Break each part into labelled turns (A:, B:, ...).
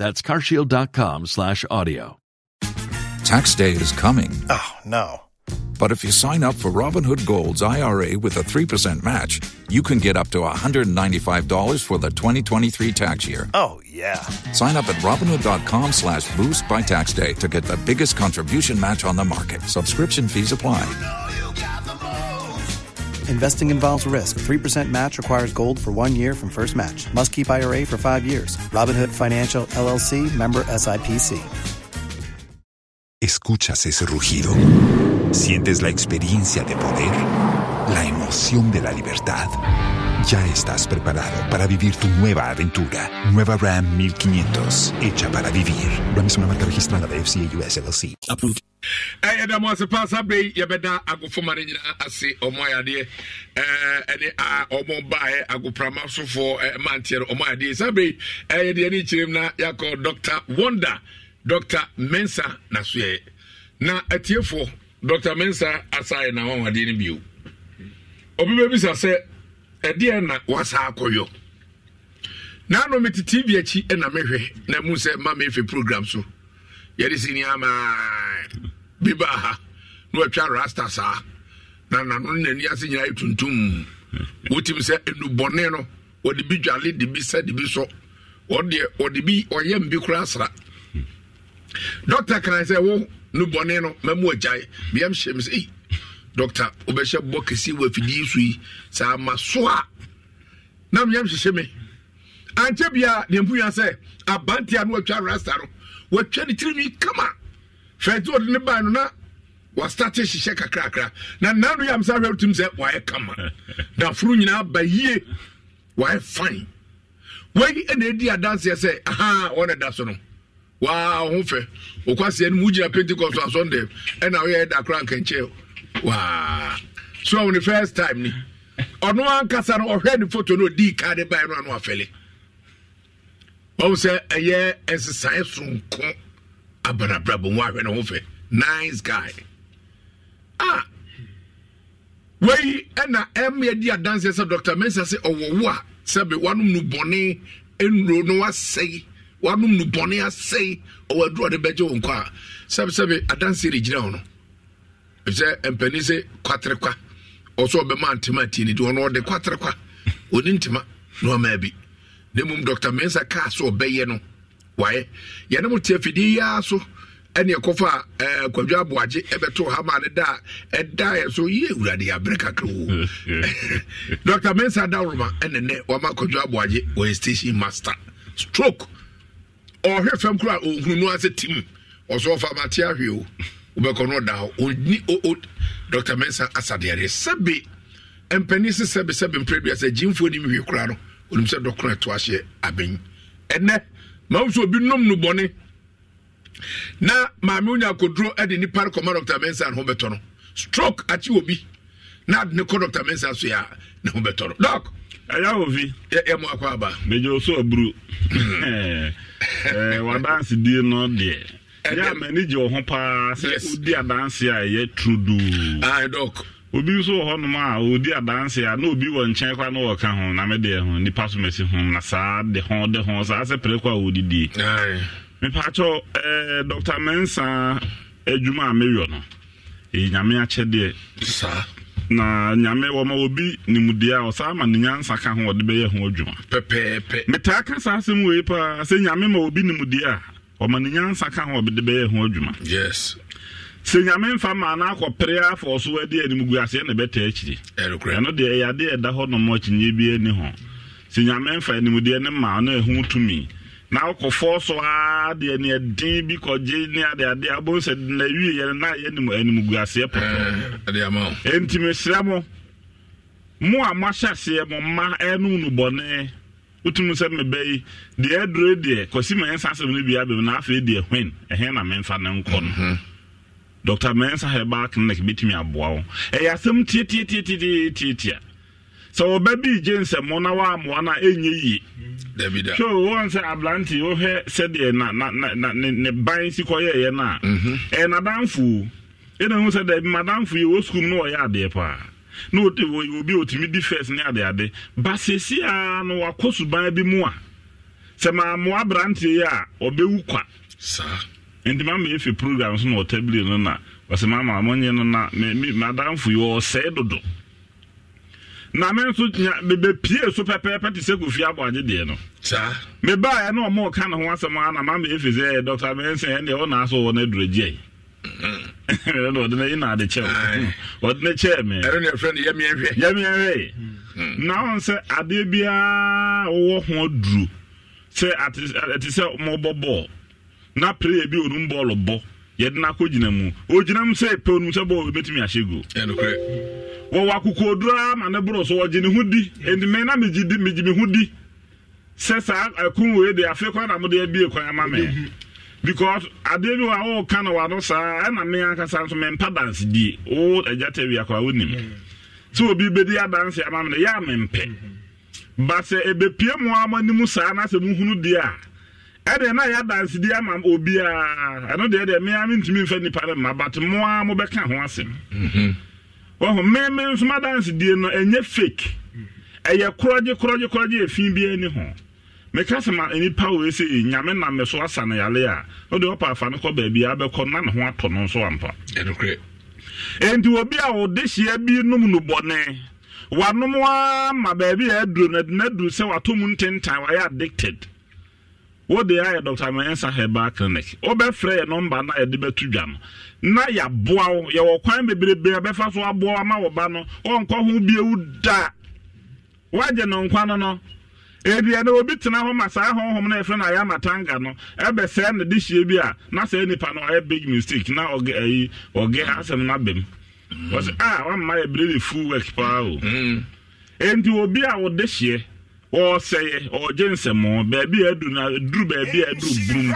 A: That's carshield.com slash audio. Tax day is coming. Oh, no. But if you sign up for Robinhood Gold's IRA with a 3% match, you can get up to $195 for the 2023 tax year. Oh, yeah. Sign up at Robinhood.com slash boost by tax day to get the biggest contribution match on the market. Subscription fees apply. You know you Investing involves risk. 3% match requires gold for one year from first match. Must keep IRA for five years. Robinhood Financial LLC member
B: SIPC. ¿Escuchas ese rugido? ¿Sientes la experiencia de poder? ¿La emoción de la libertad? Ya estás preparado para vivir tu nueva aventura. Nueva Ram 1500, hecha para vivir. Ram es una marca registrada de FCA US LLC. Approved.
C: ɛyɛ dɛ mo Bey. paa sa bɛyi yɛbɛda agofoma no nyinaa ase a omo baeɛ agoprama sofoɔ manteɛ no ɔmo ayadeɛ sa bɛyi ɛyɛ deɛ ne kyerɛm dr wonder dr mensa Nasue. na atiefoɔ eh, dr mensa asaeɛ na wɔwadeɛ ni bio obi bɛbisa sɛ ɛdeɛ na wasaa akɔyɔ naano mete tv akyi na mehwɛ na mu sɛ ma mefe program so yɛde si nneɛma bi baa ha na watwa rasta saa na nano nani ase nyinaa yɛ tuntum wotim sɛ enubɔne no wɔde bi dwale de bi sɛ de bi sɔ wɔdeɛ wɔde bi ɔyɛ mbi koraa sra dɔkta kan sɛ wo nubɔne no mamu agyae biam hyɛ m sɛ dɔkta wobɛhyɛ bɔ kɛse wɔ afidie so yi saa ma so a na meyam hyehyɛ me ankyɛ bia deɛ mpuya sɛ abantea no watwa rasta no watwa ne tirinwi kama fɛnti ɔde ne baa no na wastate hyehyɛ kakrakra na nano yam sa hwɛ wotim sɛ wayɛ kama daforo nyinaa ba yie wayɛ e fine wei ɛna ɛdi adanseɛ sɛ aha ɔna da so no waa ho fɛ okwaseɛ no mu gyina pentecost asɔndɛ ɛna woyɛ ɛda kora nkankyɛɛ waa so on the first time ni ɔno ankasa no ɔhwɛ ne photo no odi kaa de ban no ano afɛle ɔmo sɛ ɛyɛ nsesae sonko abanabrabɔ mu ahwɛ ne ho fɛ nice guy ah wei ɛna ɛmɛ di adanseɛ sɛ dr mensa sɛ ɔwɔ wo a sɛbi wanom no bɔne nnuro no asɛe wanom no bɔne asɛe ɔwɔ aduro a de bɛgye wɔn kɔ a sɛbi sɛbi adanseɛ de gyina no sɛ mpanin sɛ kwaterekwa ɔsɔ ɔbɛma ntoma tie ne ti ɔno ɔde kwaterekwa oni ntoma na ɔmaa bi na mmom dr mensa kaa so ɔbɛyɛ no wayɛ yɛne mo te afidie yi so ɛne ɛkɔfa a kwadwo aboagye ɛbɛto hama ne da a ɛdaeɛ so yɛ awurade yɛabrɛ kakra wo dr mensa dawroma ɛne nɛ wama kwadwo aboagye wɔyɛ station master stroke ɔhwɛ fam kora ɔhunu no ase tim ɔsɛ ɔfa mate ahwee o wobɛkɔ no ɔda hɔ ɔni dr mensa asadeadeɛ sɛbe mpanin sɛ sɛbe sɛbe mprɛ bia sɛ gyimfoɔ nim hwie koraa no ɔnim sɛ dɔkono ɛto ahyeɛ abɛn ɛnɛ ma wo obi nom no bɔne na maame wonya akoduro de nipa no kɔma dr mensa ne ho bɛtɔ no stroke akyi wɔ bi na ade ne kɔ dr mensa so yɛ a ne ho bɛtɔ no dɔk ɛyɛ ahofi
D: yɛmo akɔ aba megyɛ wo so aburu wadansedie no deɛ ɛdɛ amani gye wɔ ho paa sɛ wodi adansi a ɛyɛ truduu ah, obi nso wɔ hɔnom a ɔdi adansi a na obi wɔ nkyɛn kora na wɔka ho na medeɛ ho nipa so ho na saa de ho de ho saa sɛ pere kɔ a eh, adwuma eh, a no nyame akyɛdeɛ na nyame obi a ma ka ho ɔde bɛyɛ ho adwuma pɛpɛɛpɛ paa sɛ nyame ma obi a ɔma ne nyansa ka ho ɔbɛde bɛyɛ ho adwuma yes sɛ nyame mfa ma na akɔpere afɔ so adi animgu aseɛ na ɛbɛtaa akyiri ɛno deɛ ɛyɛ adeɛ ɛda hɔ nom ɔkyenyɛ bi ani ho sɛ nyame mfa animdeɛ ne ma na ɛho tumi na akɔfɔ so aa deɛ ne ɛden bi kɔgye ne adeade abɔ sɛ na wie yɛ na yɛ anim animgu aseɛ pɔtɔ ɛnti mesrɛ mo mo a moahyɛ aseɛ mo mma ɛno nu bɔne wotum sɛ mebɛyi deɛ aduro deɛ kɔsi ma yɛnsa asɛm no na afei deɛ hwen ɛhɛn na memfa ne nkɔ no mhm. clinic bɛtumi aboa wo ɛyɛ asɛm sɛ bi gye nsɛmmɔ na woamoa no a ɛnyɛ yie
C: wɔn
D: sɛ na na na ne ban si kɔyɛɛyɛ no a mhm. ɛyɛ nadamfoo ɛna sɛ daabi madamfo yi wɔ no wɔyɛ adeɛ na obi otumi di first ne ade ade ba si a no wakɔ suban bi mu a sɛ maamoa aberanteɛ yi a ɔbɛwu kwa saa nti program so na ɔtabili no na wɔsɛ maama amonyɛ no na me madamfo yi ɔsɛɛ dodo na me nso nya bebe pie so pɛpɛɛpɛ te sɛ kofi deɛ no saa yɛ na ɔmo ɔka ne ho asɛm a na maama efi sɛ dɔkta wɔ yi ɔde mayi na ade kyɛw ɔde ne na wɔn sɛ adeɛ biara wɔwɔ ho sɛ sɛ bɔɔl na prayer bi onum bɔɔl bɔ yɛde no gyina mu mu sɛ epe onum sɛ bɔɔl ahyɛ go ma ne so wɔgye ne ho di mɛ na megye di megye me ho di sɛ saa ɛkun wei de afei kwan na mo de ebie kwan ama mɛ because adeɛ bi wɔ a wɔreka na wado saa ɛna me ankasa nso mempa dansi die wo agya ta wi akɔa wonim mm-hmm. sɛ obi bɛdi adanse ama me no yɛ a mempɛ mm-hmm. ba sɛ ɛbɛpie mu a m'anim saa na sɛ muhunu deɛ a ɛdeɛ na yɛ adanse die ama obiara ɛno deɛ deɛ mmea mentumi mfa nnipa no mma but mo a mobɛka ho asɛm mm-hmm. wɔho meme nso madanse die no ɛnyɛ fake ɛyɛ korɔgye korɔgye korɔgye ɛfi biara ni ho meka sɛ ma nipa wei sɛ eh, nyame nam me so asa no yale a wode wɔpa afa no kɔ baabi a bɛkɔ na ne ho atɔ no nso ampa enti obi a wode hyia bi nom no bɔne wanom a ma baabi a aduro no na aduru sɛ wato mu ntentan wayɛ addicted wode ayɛ dr mensa herbal clinic wobɛfrɛ yɛ nɔmba no yɛde bɛto dwa no na yɛaboa wo yɛwɔ kwan bebrebe bɛfa so aboa ama wo ba no ɔnkɔ ho biewu da woagye no nkwa no no ebia obi tena hɔ ma saa ahɔhom na efra na ayɛ amatanga no ɛbɛsɛɛ ne de hyia bi a na sɛ nipa no ɔyɛ big mistake na ɔge ɛyi ɔge asɛm no abɛm mm. wɔsɛ a ah, wamma yɛ bere de full work paa o mm. enti obi a wɔde hyɛ ɔsɛyɛ ɔgye nsɛmɔ baabi a adu na duru baabi a adu burum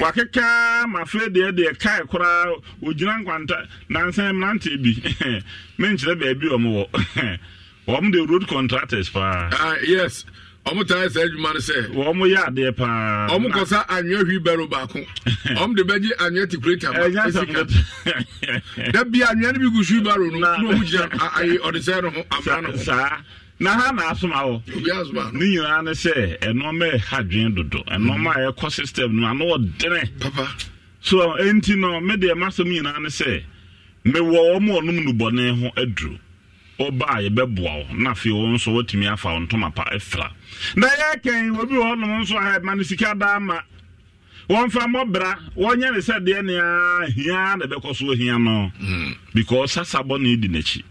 D: wakeka ma afei deɛ deɛ kae koraa ogyina nkwanta nansan mmerante bi menkyerɛ baabi ɔmo wɔ wɔn de road contractors paa. Uh, yes.
C: ɔmo taa ɛsɛ adwuma no sɛ ɔmo yɛ adeɛ paa ɔmo kɔsa anwea hwi bɛro baako ɔmo de bɛgye ti kureta ma esika bi no bi gu hwi no na ɔmo gyina ayi ɔdesɛn no ho no ho na ha na asoma wɔ
D: ne nyinaa ne sɛ ɛnɔɔma dodo ɛnɔɔma a ɛkɔ system no ano ɔdene so no me deɛ masɛm nyinaa ne sɛ mewɔ ɔnom ho aduro ɔba a yɛbɛboa wo na afei wo nso woatumi afa wo ntoma pa afira na yɛkɛn obi wɔ nom nso a ma no sika daa ma wɔmfa mmɔbra wɔnyɛ ne sɛ deɛ nea hia na ɛbɛkɔ so ohia no hmm. because sasa bɔne di n'akyi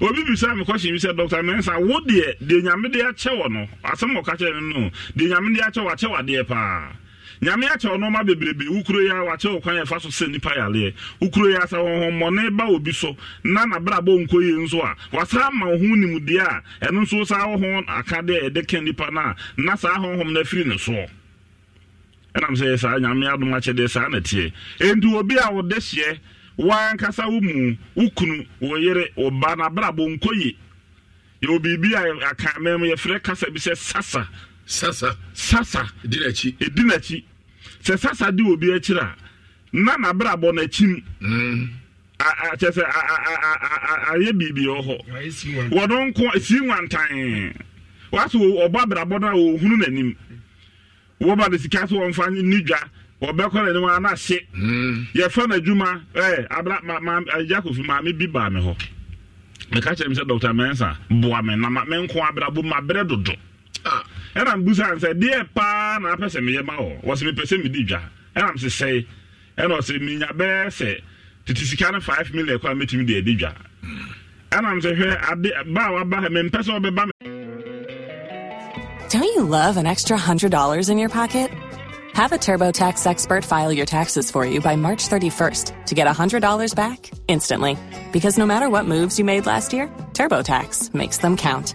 D: obi bisa me kɔhyɛ bi sɛ dɔkta mensa wo deɛ deɛ nyame akyɛ wɔ no asɛm ɔka kyerɛ no no deɛ nyame de akyɛ wɔ akyɛ wɔ adeɛ paa nyame akyɛ ɔnɔma bebrebe wokuro yi a wakyɛ wo kwan yɛfa so sɛ nnipa yaleɛ wokuro yi a sɛ wɔhommɔne ba obi so na nabrabɔ nkɔ yie nso a wasaa ma wo ho nimdeɛ a ɛno nso saa wɔ ho akadeɛ ɛde ka nnipa no a na saa honhom no afiri ne soɔ ɛnam sɛ saa nyame adom akyɛdeɛ saa na teɛ obi a wode hyeɛ wankasa wo mu wo kunu wo yere wo ba nabrabɔ nkɔ yie yɛwɔ biribi a aka mɛm yɛfrɛ kasa bi sɛ sasa sasa sasa ɛdi n'akyi ɛdi n'akyi sɛ sasa de obi akyiri a na n'abrabɔ n'akyim mm. kyɛ sɛ ayɛ biribi wɔ hɔ wɔno nko si nwantan waso ɔbɔ abrabɔ no a ɔhunu n'anim wɔba de sika so wɔmfa ne dwa ɔbɛkɔ n'anim a n'ahye mm. yɛfa n'adwuma ɛɛ abra ma ma agyakofo maame bi baa mi hɔ mɛka kyerɛ mi sɛ dɔkta mɛnsa boa mi na ma mɛnko abrabɔ ma brɛ dodo. Ah. ɛna mbusa sɛ deɛ paa na apɛ sɛ meyɛ ma wɔ wɔsɛ mepɛ sɛ medi dwa ɛna mse sɛe ɛna ɔsɛ menya bɛɛ sɛ tete sika no 5 million kɔ a mɛtumi de adi dwa ɛna mse hwɛ ade ba a waba mempɛ sɛ wɔbɛba
E: Don't you love an extra $100 in your pocket? Have a TurboTax expert file your taxes for you by March 31st to get $100 back instantly. Because no matter what moves you made last year, TurboTax makes them count.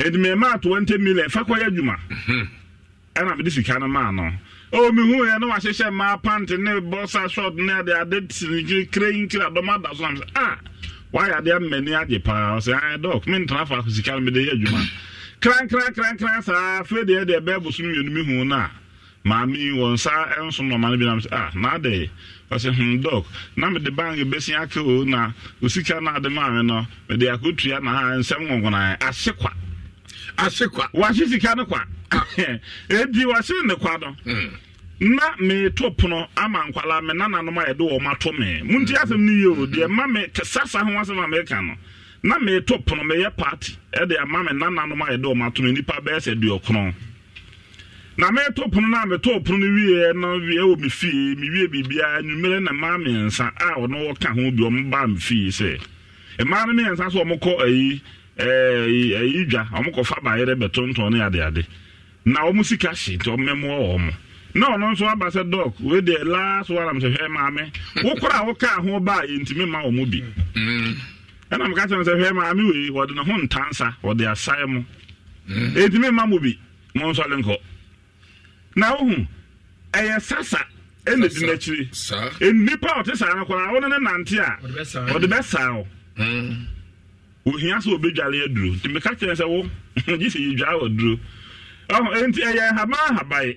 D: ɛdi mɛ maa twenty million fɛ kɔ yɛ adwuma ɛna
F: mm-hmm.
D: mɛ de sika no maa no o mi hu yɛ no wahyehyɛ mmaa panty ne bɔsa short ne ade ade tiri kire nkiri adɔm ada so na sɛ ah wayɛ ade ama ani agye paa ɔsɛ ayɛ ah, dɔk mi ntena fa sika no mi de yɛ adwuma krankran krankran saa afei deɛ deɛ bɛɛ bosom mmienu mi hu e no a maame wɔn nsa nso nɔɔma no bi nam sɛ ah n'ade ɔsɛ hmm dɔk na mede bank e bɛsi ake o na osika na ade maame no mede akotua na ha nsɛm wɔn wɔn ayɛ ase kwa. Ase kwa wahye sika no kwa ah. edi wahye ne kwa no hmm. na meto pono ama nkwala me nananom a yɛde wɔ ma to me monti hmm. asɛm no yie o deɛ ma me sasa ho asɛm a meka no na meto pono meyɛ party ɛde e ama me nananom a yɛde wɔ ma me nnipa bɛyɛ sɛ duɔkron na meto pono no a meto pono no wieɛ no wie wɔ me fie mewie biribiaa nwumere na mmaa mmiɛnsa a ɔno wɔka ho bi ɔmo baa e me fie sɛ mmaa no mmiɛnsa so ɔmo kɔ ayi ɛyi eh, eh, dwa ɔmo kɔfa baayerɛ bɛtontɔn ne adị, na ɔmo sika nti na ɔno nso aba sɛ dɔk wei deɛ last one maame a wokaa ho ma bi ɛna no sɛ hwɛ maame wei wɔde ne ho ntansa wɔde asae mo ma mo bi mo nkɔ na wohu ɛyɛ sasa ɛna di n'akyiri nnipa ɔte saa no koraa wo ne ne nante a ɔde bɛsaa wo mm. ohia sɛ obɛdwale aduro nti meka kyerɛ sɛ wo gye sɛ yɛdwaa wɔ duro ɔho enti ɛyɛ nhaban habae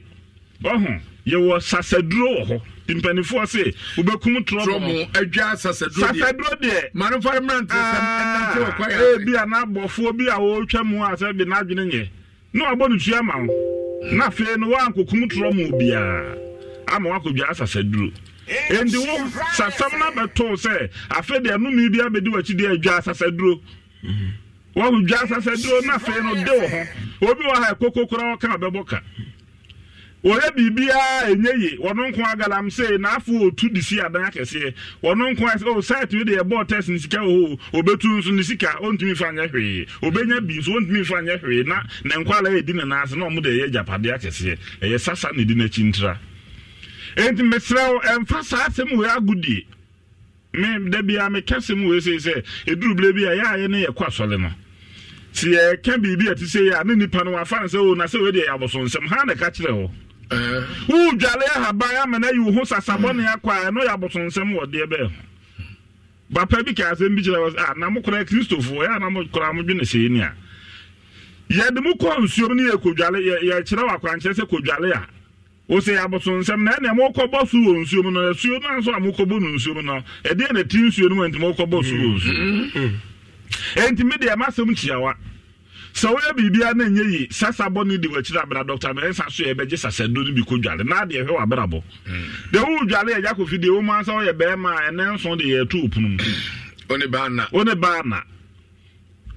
D: ɔho yɛwɔ sasaduro wɔ hɔ nti mpanimfoɔ se wobɛkum torɔmo
C: adwa sasaduro deɛ manofare
D: mmerante ah, eh, bi a na abɔfoɔ bi a wɔretwa mu a sɛ de n'adwene nyɛ na wabɔ no tua ma wo na afei no woankokum torɔmo biara ama woakɔdwaa sasaduro ɛnti wo sasɛm no bɛtoo sɛ afei deɛ nome bi abɛdi wakyi deɛ adwa asasaduro wɔho dwa asasaduro na afei no de wɔ hɔ obi wɔ ha ɛkoko koraa wɔka bɛbɔ ka wɔyɛ biribiaa ɛnyɛ ye wɔno nko agalam se na afo ɔtu de si adan akɛseɛ wɔno nko ɛ sɛ oh, site wi de yɛbɔɔ test ne sika wɔ hɔ ɔbɛtu nso ne sika ɔntumi fa nyɛ hwee ɔbɛnya bi nso ọ ntumi fa anya hwee na ne nkwala yɛdi ne naase na ɔmo de ɛyɛ agyapadeɛ akɛseɛ ya sasa ne di n'akyi ntra enti mesrɛ wo ɛmfa saa asɛm wei agodie me a bia meka asɛm wei sei sɛ ɛduru berɛ bi a yɛayɛ ne yɛkɔ asɔre no sɛ yɛka biribi a te sɛ yɛ a ne nipa no wafa no sɛ o oh, na sɛ wei yɛ ha na ka kyerɛ hɔ wodwale ahaban wo ho akɔ a ɛno yɛ wɔ deɛ ho ka bi kyerɛ wɔ sɛ na na a yɛde mo nsuom ne wɔ akwankyerɛ wosɛ aboso nsɛm na ɛna mokɔ bɔ su wɔ nsuo mu no asuo no nso a mokɔbɔ no nsuo mu no ɛdeɛ na ti nsuo no mu nti mokɔ bɔ su wɔ nsuo ɛnti mm-hmm. mm-hmm. me deɛ masɛm kyiawa sɛ woyɛ biribia na di wakyiri abra dɔkta no ɛnsa so yɛbɛgye sasado no bi kɔ dwale na adeɛ hwɛ wabrabɔ deɛ mm. wowo dwale yɛgya kɔfi deɛ wo mu ansa woyɛ bɛɛma a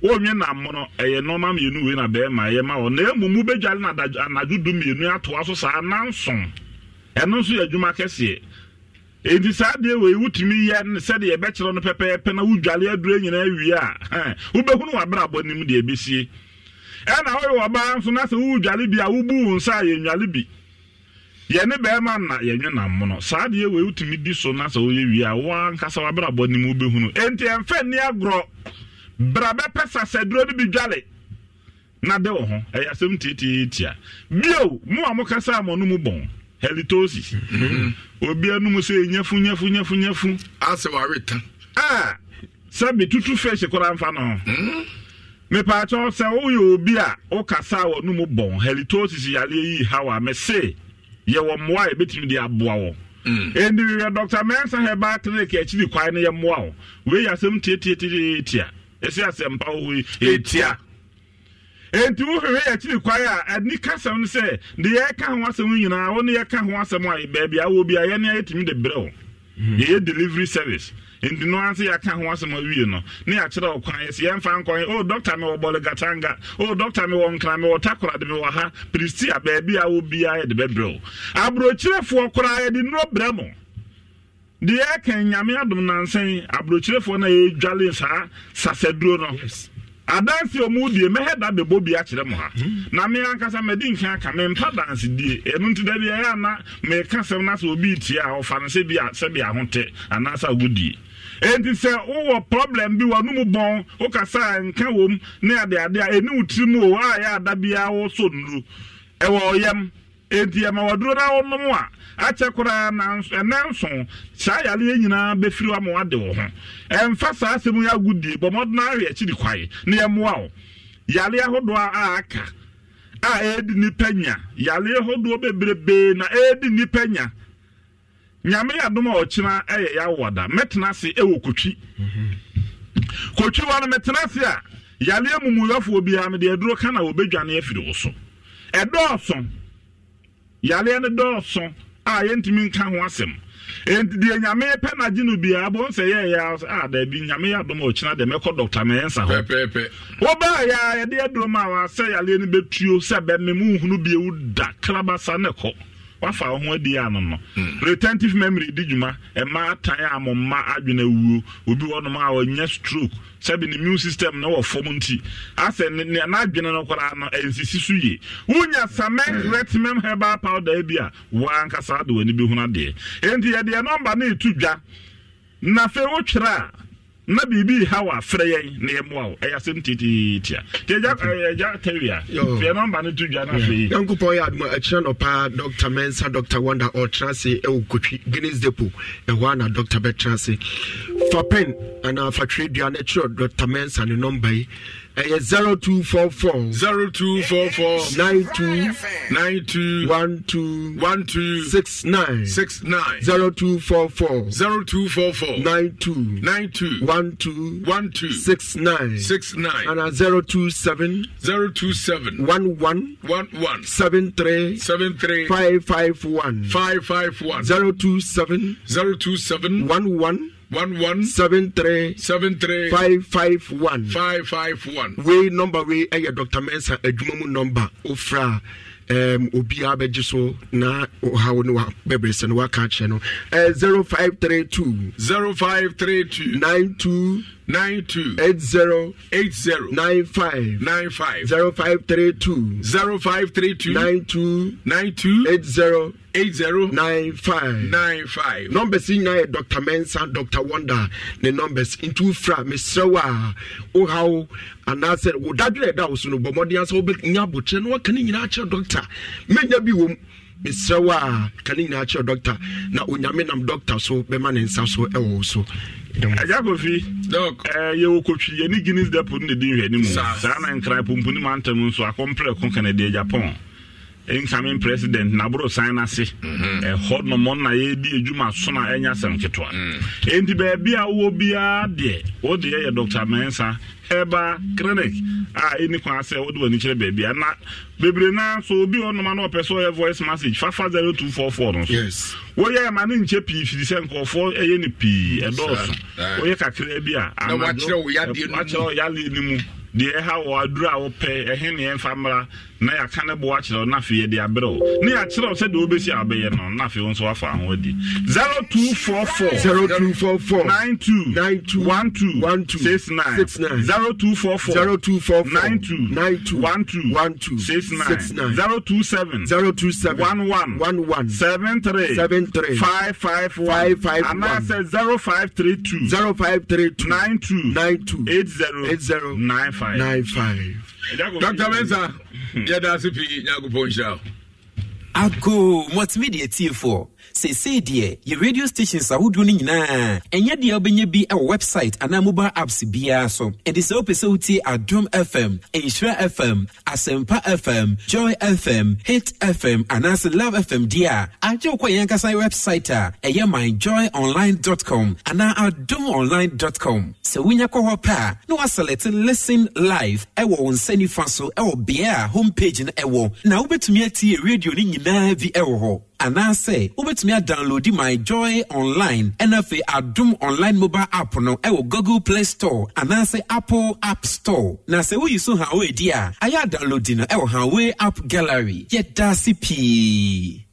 D: onye na mmọrọ ɛyɛ na ma ɛyɛ ma ọ na emu mu na anadwo du mmienu ato aso saa nso yɛ adwuma kɛseɛ edi saa deɛ yɛ no pɛpɛɛpɛ na aduro nyinaa a nim deɛ ɛna ɔyɛ ɔbaa nso na sɛ wodwale bi a wobu nsa a yɛnwale bi yɛne bɛrima na yɛnwe na saa deɛ na bra bɛpɛ sasaduro no bi dwale na de wɔ ho ɛyɛ asɛm tiatiatia bio mu a mokasa mɔ no mu bɔn helitosis mhm. obi anum so ɛnyafu nyafu nyafu nyafu asɛ wareta a sɛ metutu fish koraa mfa no ho mhm. mepaakyɛ sɛ woyɛ obi a wokasa wɔ no mu bɔn helitosis yareɛ yi haw a mese yɛwɔ mmoa a yɛbɛtumi de aboa wɔ ɛnti mm. yɛ dr mensa herbal clinic akyiri kwae no yɛmmoa wo wei yɛ asɛm tiatiatiatia yɛsi asɛmpa wo yɛtia enti wohwehwɛ yɛakyiri kwae a ani kasɛm no sɛ de yɛka ho asɛm nyinaa wo ne yɛka ho asɛm a baabi awɔ bi a yɛne yɛtumi de berɛ wo hmm. yɛyɛ delivery service nti no ase yɛaka ho asɛm awie no ne yɛakyerɛ wo kwan sɛ yɛmfa nkwan o dɔkta mewɔ bɔlegatanga o oh, dɔkta mewɔ nkra mewɔ takorade mewɔ ha pristia baabi a wo biaa yɛde bɛbrɛ wo aborɔkyirefoɔ koraa yɛde nnuro brɛ mo deɛ ɛka nyame adom nansɛn aburokyerefoɔ no a yɛdwale saa sasaduro no adanse ɔmu die mɛhɛ da bɛbɔ bi akyerɛ mu ha hmm. na me ankasa mɛde nka aka mempa danse die ɛno nti da bi ɛyɛ ana meka sɛm no sɛ obi tie a ɔfa no sɛbia sɛbia ho te anaasɛ ago die ɛnti sɛ wowɔ problem bi wɔ mu bɔn wokasa nka wom ne adeade a ɛne wo tirim o a ɛyɛ ada biara wo so nnuru ɛwɔ ɔyam enti ama waduro na wɔnom a akyɛ koraa ɛnɛ nso saa yareɛ nyinaa bɛfiri wa ma wade wo ho ɛmfa saa asɛm yi agu die bɔ mmɔdena awe akyiri kwae ne yɛmmoa wo yareɛ ahodoɔ a aka a ɛdi nipa nya yareɛ ahodoɔ bebrebee na ɛdi nipa nya nyame yadom a ɔkyena ɛyɛ yɛawoda mɛtena ase ɛwɔ kotwi kotwi wa no mɛtena ase a yareɛ mumuyɛfoɔ biara mede aduro ka na wɔbɛdwane afiri wo so ɛdɔɔso yareɛ no dɔɔso a yɛntumi nka ho asɛm nti deɛ nyame pɛ nagye no biaa bɛhu sɛ yɛyɛ a daabi nyame yɛ adom a ɔkyena dɛ mɛkɔ dɔkta mɛyɛnsa
C: hɔ
D: wobaa yɛa yɛde adurom a waasɛ yareɛ no bɛtuo sɛ bɛme mu nhunu bie wo da krabasa ne kɔ wafa wo ho adi ano no hmm. retentive memory di dwuma ɛma atan a mo mma adwene awuo obi wɔnom a ɔnyɛ stroke sɛbi ne immune system na wɔ fam nti asɛ ne n'adwene no koraa no nsisi so yie wonya samen mm. retinum herbal powder bi a wɔn de wɔn ani bi ho adeɛ nti yɛde yɛn nɔmba no etu dwa na afei wotwerɛ a na biribi ha wɔ afrɛ yɛn na yɛmmoa wo ɛyɛ asɛm
C: titiitia nti agya eh, tawia fiɛ nɔmba no to dwa no afei nyankopɔn yɛ adoma akyerɛ no paa dr mensa dr wonder ɔtena ase ɛwɔ kotwi guinness depo ɛhɔ a na dr bɛtena ase fa pen anaa fatwerɛ no akyerɛ dr mensa ne nɔmba yi ɛyɛ eh, eh, zero two four four. zero two four four. nine two. nine two. one two. one two. six nine. six nine. zero two four four. zero two four four. nine two. nine two. one two. one two. six nine. six nine. and zero two seven. zero two seven. one one. one one. seven three. seven three. five five one. five five one. zero two seven. zero two seven. one one. one one seven three seven three five five one five five one. We number we. ɛyɛ eh, Dr. Mensa adwuma number ofra. Um, Obi bɛgye so na ɔhaw ne bɛbrɛ sɛ no waka akyerɛ eh, no 0532 0532 92 nine two eight zero eight zero nine five nine five zero five three two zero five three two nine two nine two eight zero. 8095 numbers yi nyinaa yɛ dr mensa dr wonder ne numbers ntu fra mesrɛ wo a wohaw anaasɛ wodadwerɛ ɛda wo so no bɔ mmɔden sɛ wobɛnya abokyerɛ na waka ne nyinaa kyerɛ dɔkta mɛnya bi wom mesrɛ wo a ka ne nyinaa kyerɛ dɔkta na onyame nam dɔkta so bɛma ne nsa so ɛwɔ so ajakofi yɛwɔ kotwi yɛne guinness depo no ne di nhwɛ ne
D: mu saa na nkra pompu ne mu antam nso akɔmprɛ ko kanadeɛ japan incoming president naboro san n'ase ɛhɔ mm-hmm. nom na yɛdi adwuma so na ɛnya asɛm ketewa mm. enti baabi a wowɔ biara deɛ wo deɛ yɛ dr mensa ɛba clinic a ɛni kwan sɛ wode w'ani kyerɛ baabi a na bebree naa so obi hɔ noma na ɔpɛ sɛ ɔyɛ voice message fafa 0244 no so woyɛ ɛma ne nkyɛ pii firi sɛ nkɔɔfoɔ ɛyɛ e ne pii ɛdɔɔso e woyɛ kakraa bi a anakyerɛ wo yadeɛ e no mu deɛ ɛha wɔ aduro a wɔpɛ ɛhe ne yɛmfa mmra na yɛaka ne boa kyerɛ wo na afei yɛde aberɛ wo ne yɛakyerɛ wo sɛdeɛ wobɛsi a wobɛyɛ no na afei wo nso woafa ho adi 024492292269024492690227735555 anaasɛ 0532 0532 92 80 80 95 five. dr hmm. mensa
C: yɛda ase pii nyankopɔn nhyira wo
B: ako mɔtumi deɛ for seesei deɛ yɛ radio stations ahodoɔ no nyinaa ɛnyɛ deɛ wobɛnya bi wɔ website anaa mobile apps biara so ɛde sɛ wopɛ sɛ wotie adom fm nhyira fm asɛmpa fm joy fm hit fm anaasɛ love fm deɛ a agye wokɔ yɛn ankasa website a ɛyɛ myjoyonline.com anaa adomonline.com sɛ wonya kɔ hɔ pɛ a na waselɛte listen live ɛwɔ wo nsa nifa so ɛwɔ bea a homepage no ɛwɔ na wobɛtumi atie radio no nyinaa bi ɛwɔ hɔ anaasɛ wobɛtumi adownloadi my joy online ɛna afei adom online mobile app no ɛwɔ google play store anaasɛ apple app store na sɛ woyi so hawei di a ayɛ adownloadi no ɛwɔ hawei app gallery yɛda ase
C: pii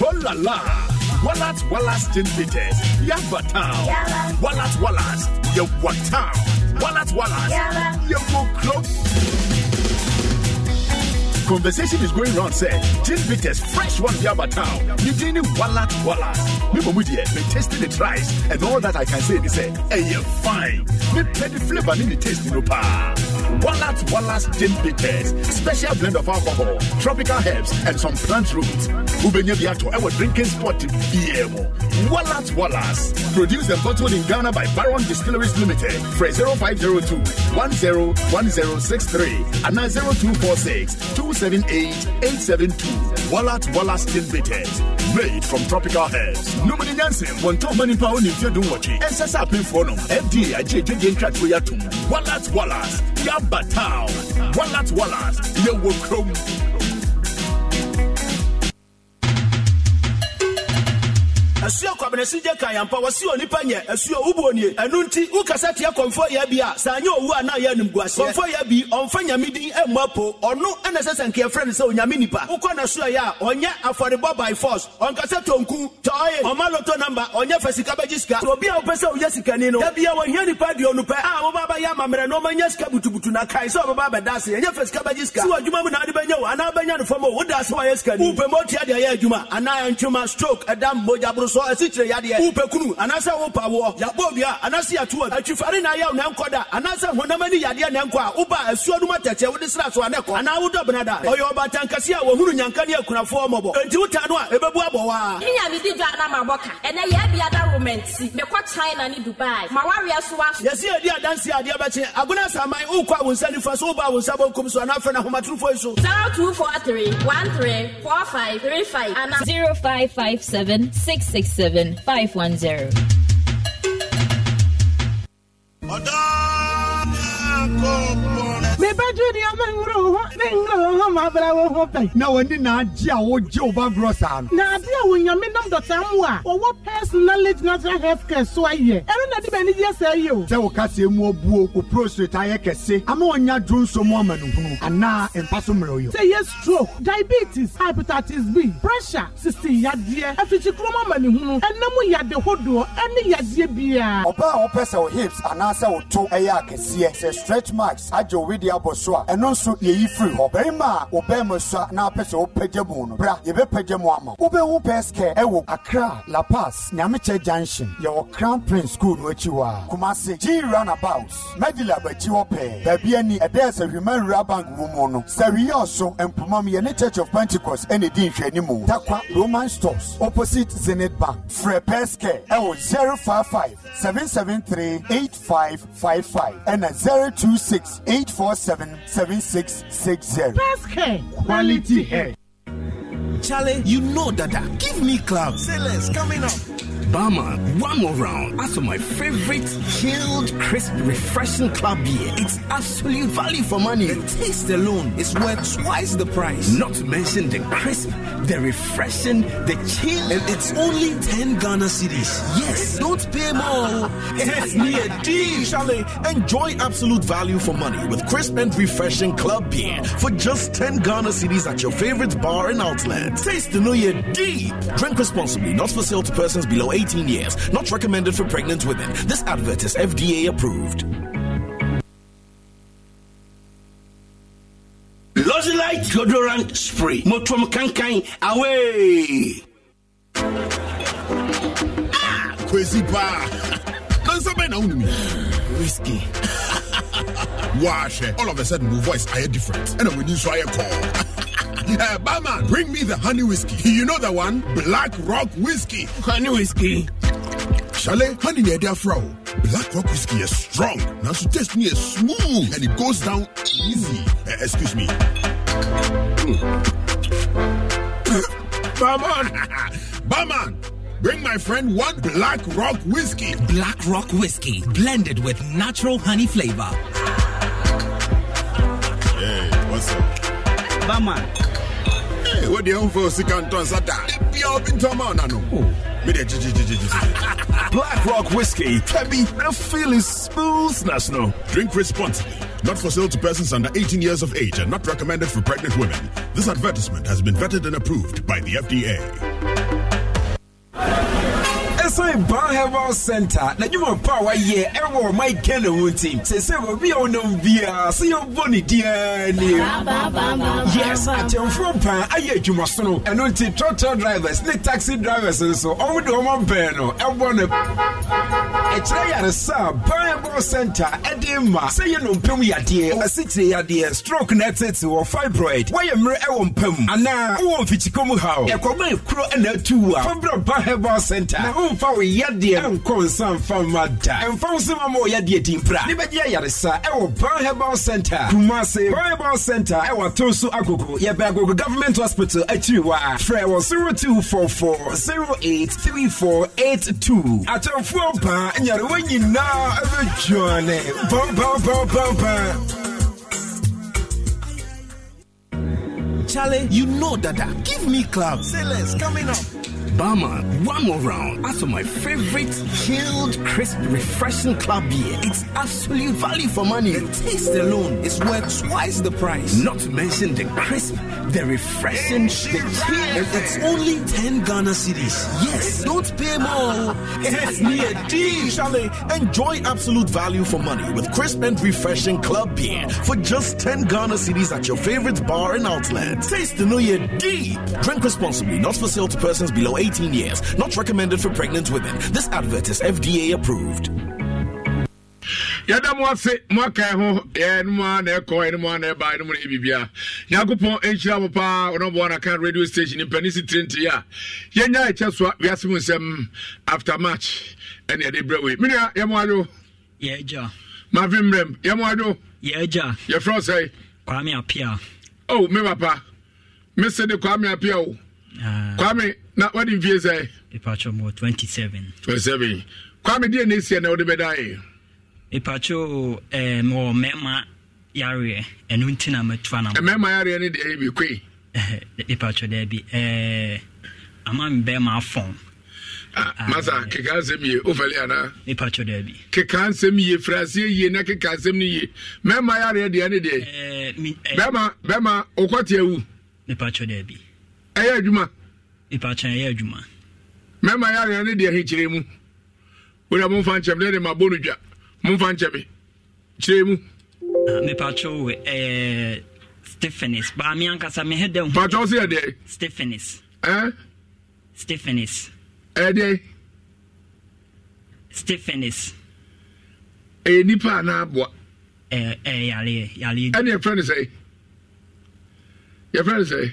C: Wallet Wallace Tin Peters, Yaba Town. Wallet Wallace, Yawa Town. Wallet Wallace, Yawa Club. conversation is going round, sir. gin Victor's fresh one here about town. You didn't walla walla. Me mumu dear, me tasting the tries and all that I can say is say, hey, are fine. Me plenty flavor in the taste, you know, pa. Walat Wallace Gin Bitters, special blend of alcohol, tropical herbs, and some plant roots. Ubenye Biato, our drinking spot in BMO. Walat Wallace, produced and bottled in Ghana by Baron Distilleries Limited, for 0502 101063 and 0246 878-872. Wallet Wallace bitters, Made from tropical herbs. Nobody dancing. One top money power? if you do watch it. And sets up in front of FDA. I change again. Try to your tomb. Wallet Wallace. you Wallet Wallace. Chrome.
G: ɛsuo kwabenesi gye kayampa wɔsi onipa nyɛ ɛsuo wubuonie ɛnu nti wukasa tia kɔnfo yɛ bi a saa nye owu a na yɛ animguaseɛ kɔnfo yɛ bi ɔnfa nyame din ɛmu e apo ɔno ɛna ɛsɛ sɛ nkeɛ frɛ no sɛ onyame nipa wokɔ na suo yɛ a ɔnyɛ afɔrebɔ by force ɔnkasa tonku tɔɔye ɔma loto namba ɔnyɛ fɛ sika bɛgye sika obi a wopɛ sɛ woyɛ sikani no dabia wɔhia nipa di onupɛ a ah, wobaa bɛyɛ amammerɛ na ɔmanya sika butubutu na kae sɛ ɔbɛba bɛda ase ɛnyɛ fɛ sika bɛgye sika sɛ wɔadwuma mu na wode bɛnya wo anaa bɛnya no fam o woda ase wɔyɛ sikani wopɛ ma otia deɛ juma ana anaa ntwoma stroke ɛda mmogya boro nsɔ asikyire yadeɛ wopɛ kunu anaasɛ wopa woɔ yabɔ nnua anaasɛ yɛto atwifare na ayɛ na nkɔ da anaasɛ honam ani yadeɛ na nkɔ a woba asuo no mu atɛkyɛ wode sra ne kɔ anaa wodɔ bena da ɔyɛ ɔbatankɛse a wɔhunu nyanka ne akunafoɔ mmɔbɔ enti wota no a ɛbɛbu abɔ waa
F: menya medi dwa na mabɔ ka ɛnɛ yɛ bia da romanti mekɔ china ne dubai ma wareɛ so
G: wa yɛsi yɛdi adanse adeɛ bɛkye agona asaman wokɔ a wo nsa nifa so woba wo nsa bɔnkum so anaa fɛ no ahomatorofo yi so 0243
H: 13 45 35 ana 0557 66 967 510.
B: na w'ani n'agye a wogye o ba gorɔ saa no. n'ade a wonyame nam dɔta mu a ɔwɔ personality natural health care so ayɛ ɛno na de bɛni yɛ sɛ yɛ o. sɛ o ka se mu obuo o prostate ayɛ kɛse ama ɔnya duro nsomu amanukunu anaa mpa so mmerɛ oyo. sɛ yɛ stroke diabetes hepatitis b pressure sisi yadeɛ afikyi kuroma amanukunu ɛnam yade hodoɔ ɛne yadeɛ biara. ɔbaa a wɔpɛ sɛ o hips anaasɛ o to ɛyɛ akɛseɛ sɛ stretch marks agye o wi so a ɛno nso yɛyi firi hɔ barima a ɔbɛrima sua na apɛ sɛ wopɛgya mu no bra yɛbɛpɛgya mu ama wobɛhu pɛskɛ ɛwɔ akra la paz nyamekyɛ junction
C: yɛwɔ crown prince school no akyi hɔ a kumase g runabout medila bakyi hɔ pɛɛ baabi ani ɛdɛ sɛ hwima wura bank wɔ mu no sɛ hwiyɛ ɔso mpomam yɛne church of pentecost ɛne di nhwɛni mu takwa roman stores opposite zenit bank frɛ pɛskɛ ɛwɔ 055 773 8555 ɛna 026
B: 847 7660.
F: Best hair, quality hair.
B: Charlie, you know that. Give me clouds. Say less,
G: coming up.
B: Barman, one more round. As for my favorite chilled, crisp, refreshing club beer, it's absolute value for money. The taste alone is worth twice the price. Not to mention the crisp, the refreshing, the chill. And it's only 10 Ghana cities. Yes, don't pay more. It's me a deal. Chalet, enjoy absolute value for money with crisp and refreshing club beer for just 10 Ghana cities at your favorite bar and outlet. Taste the New Year deep. Drink responsibly, not for sale to persons below 18. 18 years. Not
G: recommended for pregnant women. This advert is FDA approved. Lozilite deodorant spray. Motum kankai away. Ah, crazy
B: bar. Kansa na unumi.
C: Whiskey. Wash. All of a sudden, my voice I hear different, and I'm winning so call. Uh, eh, barman, bring me the honey whiskey. You know the one? Black Rock Whiskey. Honey whiskey. Chalet, honey near their fro. Black Rock whiskey is strong. Now she test me as smooth and it goes down easy. Uh, excuse me.
B: Barman, hmm. barman, bring my friend one Black Rock whiskey. Black Rock whiskey blended with natural honey flavor.
C: Hey, what's up? Barman. What the hell for Sikanton Sata? Be up in
B: Black Rock Whiskey can the a feeling smooth national. Drink responsibly. Not for sale to persons under 18 years of age and not recommended for pregnant women. This advertisement has been vetted and
C: approved by the FDA.
B: Asai Ban Herbal Center. Na you want power ye ever my ken team. Say say we on no bia. See your bonny dear. Yes, at your front pan I ye jumasono. And on tractor drivers, ne taxi drivers and so on the woman beno. Elbon a try at sa Ban Herbal Center. Edema. Say you no pum ya dear. A city ya dear. Stroke netted or fibroid. Why am I on pum? Ana, who won't fit you come how? A common crow and a two. Fabra Ban Herbal Center. Na who mfa wo yadeɛ nkɔ nsa mfa mma da ɛmfa wo sɛ ma ma ɔyadeɛ din pra ne bɛgye ayaresa ɛwɔ ban herbal center kumase ban herbal center ɛwɔ ato so agogo yɛbɛ agogo government hospital akyiri hɔ a frɛ wɔ 0244 083482 atɔmfoɔ paa nyarewa nyinaa ɛbɛdwane pampampampampa Charlie, you know Dada. Give me clout. Sailors coming up. Barman, one more round. As for my favorite chilled, crisp, refreshing club beer, it's absolute value for money. The taste alone is worth twice the price. Not to mention the crisp, the refreshing, it's the chill. it's only 10 Ghana cities. Yes, don't pay more. It's near D. Chalet, enjoy absolute value for money with crisp and refreshing club beer for just 10 Ghana cities at your favorite bar and outlet. Taste the New Year deep. Drink responsibly, not for sale to persons below 18. 18 years. Not recommended for pregnant women. This advert
C: is FDA approved. yɛda mo ase mo akae ho a na ɛkɔ ɛnom a na ɛba ɛnom na ɛbibia nyankopɔn ɛnhyira mo paa ɔnɔboa radio station si a yɛnya ɛkyɛ soa wiase mu nsɛm after match ɛne ɛde wei menua yɛmo adwo yɛagya yɛmo adwo yɛagya yɛfrɛ sɛe o me papa mese de o oh. Ah. kwame na wade mfie sɛ mepatwɛ mɔ 27 27 kwame deɛ ne ɛsiɛ na wode bɛdaeɛ
H: mepatwɛ eh, mɔ mɛma yareɛ ɛno nti na matoa na
C: mɛma yareɛ ne deɛ bɛkwe
H: mepatwɛ daabi
C: eh, ama mebɛma afɔn Ah, ah, masa eh, keka asɛm ye wofɛle anaa mepatwɛ daabi keka asɛm ye fraseɛ ye na keka asɛm no ye mɛma yareɛ deɛ ne deɛ eh, eh. bɛma bɛma wokɔteɛ wu mepatwɛ daabi ɛyɛ adwuma ipatwa ɛyɛ adwuma mɛma yare ne deɛ he kyerɛ mu wona momfa nkyɛm ne de mabɔ no dwa momfa nkyɛme kyerɛ mu
H: mepatwo ah, stephenis baa me ankasa mehe dɛ patwɔ sɛ yɛdɛ stephenis stephenis ɛdɛ stephenis ɛyɛ nipa anaa aboa ɛyɛ yareɛ yareɛ ɛne yɛfrɛ no sɛ yɛfrɛ no sɛ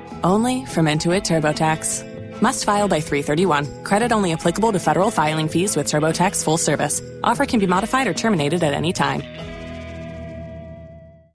E: only from Intuit TurboTax. Must file by 331. Credit only applicable to federal filing fees with TurboTax full service. Offer can be modified or terminated at any time.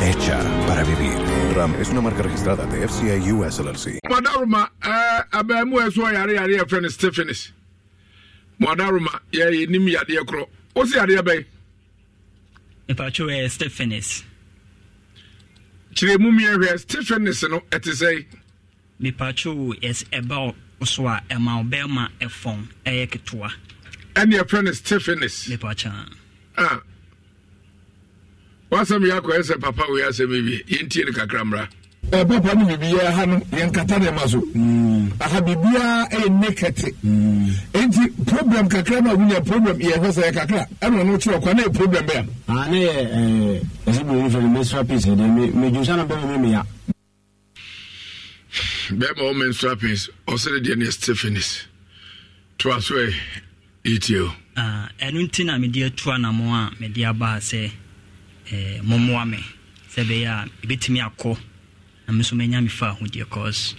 B: hecha para vivir. Ram es una marca registrada de FCI US
H: LLC.
C: Madaruma, eh, abẹ́mu ẹ̀sùn ọ̀yàrá yàrá yẹ fẹ́ Stephenis. Madaruma, yẹ yẹ ni mi yàrá yẹ kúrọ̀. Ó sì yàrá yẹ bẹ́ẹ̀.
H: Mpàtó ẹ̀ Stephenis.
C: Kyerè mumi mi
H: Stephenis
C: no ẹ̀ ti sẹ́yìn.
H: Mpàtó ẹ̀bá ọ̀sọ́ a ẹ̀ma ọ̀bẹ́ẹ̀ma ẹ̀fọ́n ẹ̀yẹ eh, ketewa.
C: Ẹni Stephenis. ni Stephenis. Mpàtó. wasɛm yɛ akɔyɛ sɛ papa wei asɛm bi yɛntie no kakra mmra eh, papa no biribiaa ha no yɛnkata ne ma so hmm. aha biribiaa ɛyɛ eh, nekɛte hmm. enti problem kakra no a wonya problem yɛhwɛ sɛ yɛ kakra ɛno no kyerɛ kwa ah, eh, na yɛ problem bɛa
F: ne yɛ
C: ɛsɛ bɛmu fɛ no mɛsra pis deɛ medwusa no bɛma memeya bɛma wo mensra pis ɔsere deɛ ne yɛ toa so ɛ ɛtie
H: ɛno nti na mede atua namo a mede abaa sɛ Eh, mommoa me sɛ ɛbɛyɛ a ɛbɛtumi akɔ na me nso manya me fa ahodeɛ cause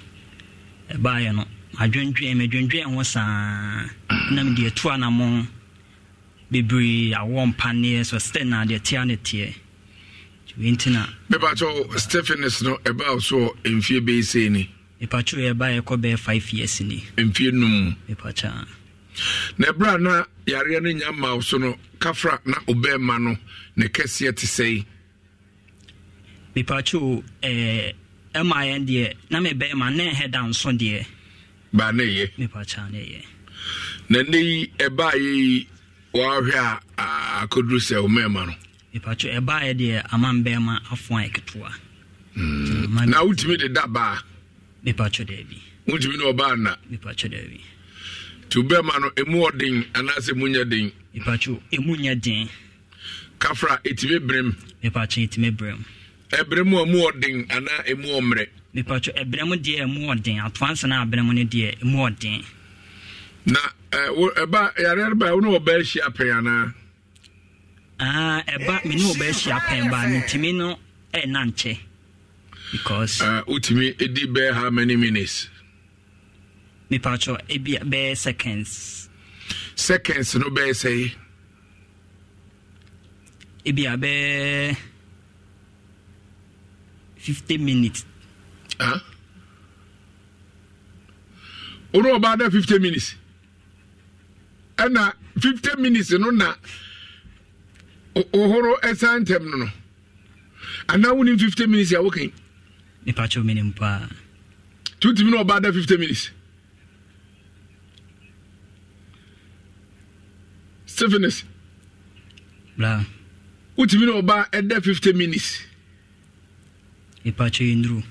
H: ɛbaeɛ no madwendwen madwendwen ho saa nam deɛ ɛtu anamo bebree awɔ mpaneɛ so stɛ na deɛ tea ne teɛ
C: nti na mepakyɛ stephenis no so mfie bɛyi sei ni
H: mepakyɛ ɛbaa ɛkɔ bɛyɛ five years ni mfie num mepakyɛ
C: na ɛberɛ na yareɛ no nya ma so no kafra na ma no ne kɛseɛ te sei. sɛi
H: mepakyeo eh, ɛma yɛn deɛ na mebɛɛma na ɛhɛ da nso deɛ baa na ɛyɛ mepakyea na ɛyɛ
C: na nnɛ yi ɛbaa yɛ wɔahwɛ a akɔduru sɛ wo mɛɛma no
H: de ɛbaeɛ deɛ ama mbɛɛma afoa ɛketewa hmm. na
C: wotumi de da baa mepakyeo daabi wotumi ne ɔbaa na mepakyeo daabi nti wobɛma no ɛmu ɔden anaasɛ mu nyɛ den mepatwo ɛmu nyɛ den kafra ɛtumi berem
H: mepatwo ɛtumi berem ɛberɛ mu a mu ɔden anaa ɛmu ɔmmerɛ mepatwo ɛberɛ mu deɛ ɛmu ɔden atoa nsana aberɛ mu no deɛ ɛmu ɔden
C: na ɛba yare no ba wo ne ɔbaa hyia pɛn anaa ɛba me ne ɔbaa hyia pɛn
H: ba metumi no ɛna nkyɛ
C: because wotumi ɛdi bɛɛ how many minutes
H: mepa no kyerɛ ebi bɛyɛ seconds seconds no bɛyɛ sɛ yi ebi a bɛyɛ
C: fifty minutes huh? wọn náà fifty minutes ɛna e fifty minutes no na ɔhoro ɛsan e ntɛm no no anaa wọn ni fifty minutes yà wọ́n kàn. nípa tí o mi ni mu paa. tuntun mi náà fifty minutes. stephenis wotumi ne ɔba ɛdɛ 50 minutes ipakye nduru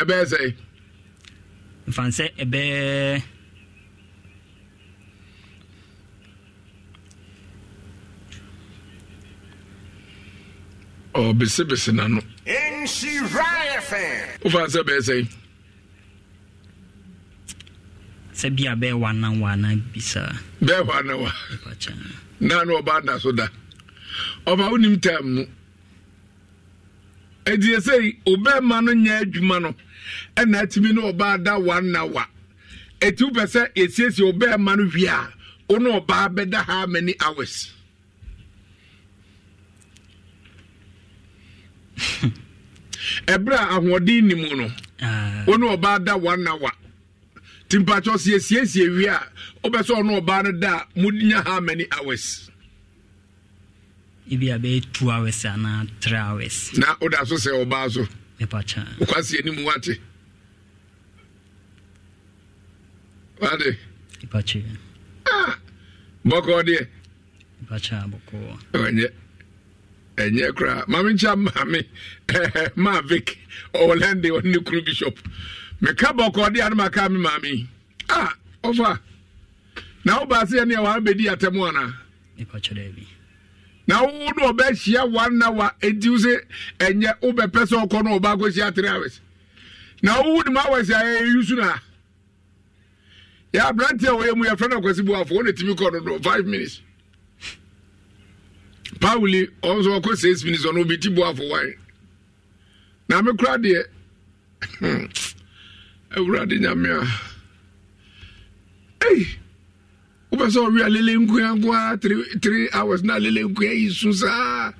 C: ɛbɛyɛ sɛ
H: mfan sɛ ɛbɛɛ
C: ɔbesebese na no wofan sɛ ɛbɛyɛ sɛ
H: sɛ bia bɛɛ wanan wanan bisaa
C: bɛɛ wanan wa na naanu ɔba ada so da ɔba nim taa mu edie sɛ ɔbɛɛma no nyɛ adwuma no ɛna atumi no ɔba ada wanan wa eti wopɛ sɛ esiesie ɔbɛɛma no wia ɔno ɔba bɛda ha many hours. ɛberɛ a ahoɔden ni mu no ah. wo ne ɔbaa da one hour nti sie sie sie wie a wobɛ sɛ ɔno ɔbaa no da a monya how many hours
H: ebi a two hours anaa three hours na
C: woda so sɛ ɔbaa so wokwaseɛ no mu wate wade bɔkɔɔ deɛ ɛnyɛ ɛnyɛ koraa mamenkyɛ maame mavic ɔwɔlande ɔne ne bishop meka bɔkɔ ɔde ano maka me maame a ɔfa na wo baase ɛne ɛwa bɛdi atɛm ana na wo ne ɔbɛhyia one wa ɛnti wo sɛ ɛnyɛ wobɛpɛ sɛ ɔkɔ no ɔba akɔhyia three hours na wowu ne ma hours a ɛyɛyu so no a yɛ aberanteɛ a wɔyɛ mu yɛfrɛ no akwasi boafo wo ne tumi kɔ no five minutes pauli ɔnso ɔkɔ six minutes ɔno obɛti boafo wan na me deɛ hmm, awurade nyame a ei wopɛ sɛ ɔwe ya nkua nkoa hours na alele nkua yi su saa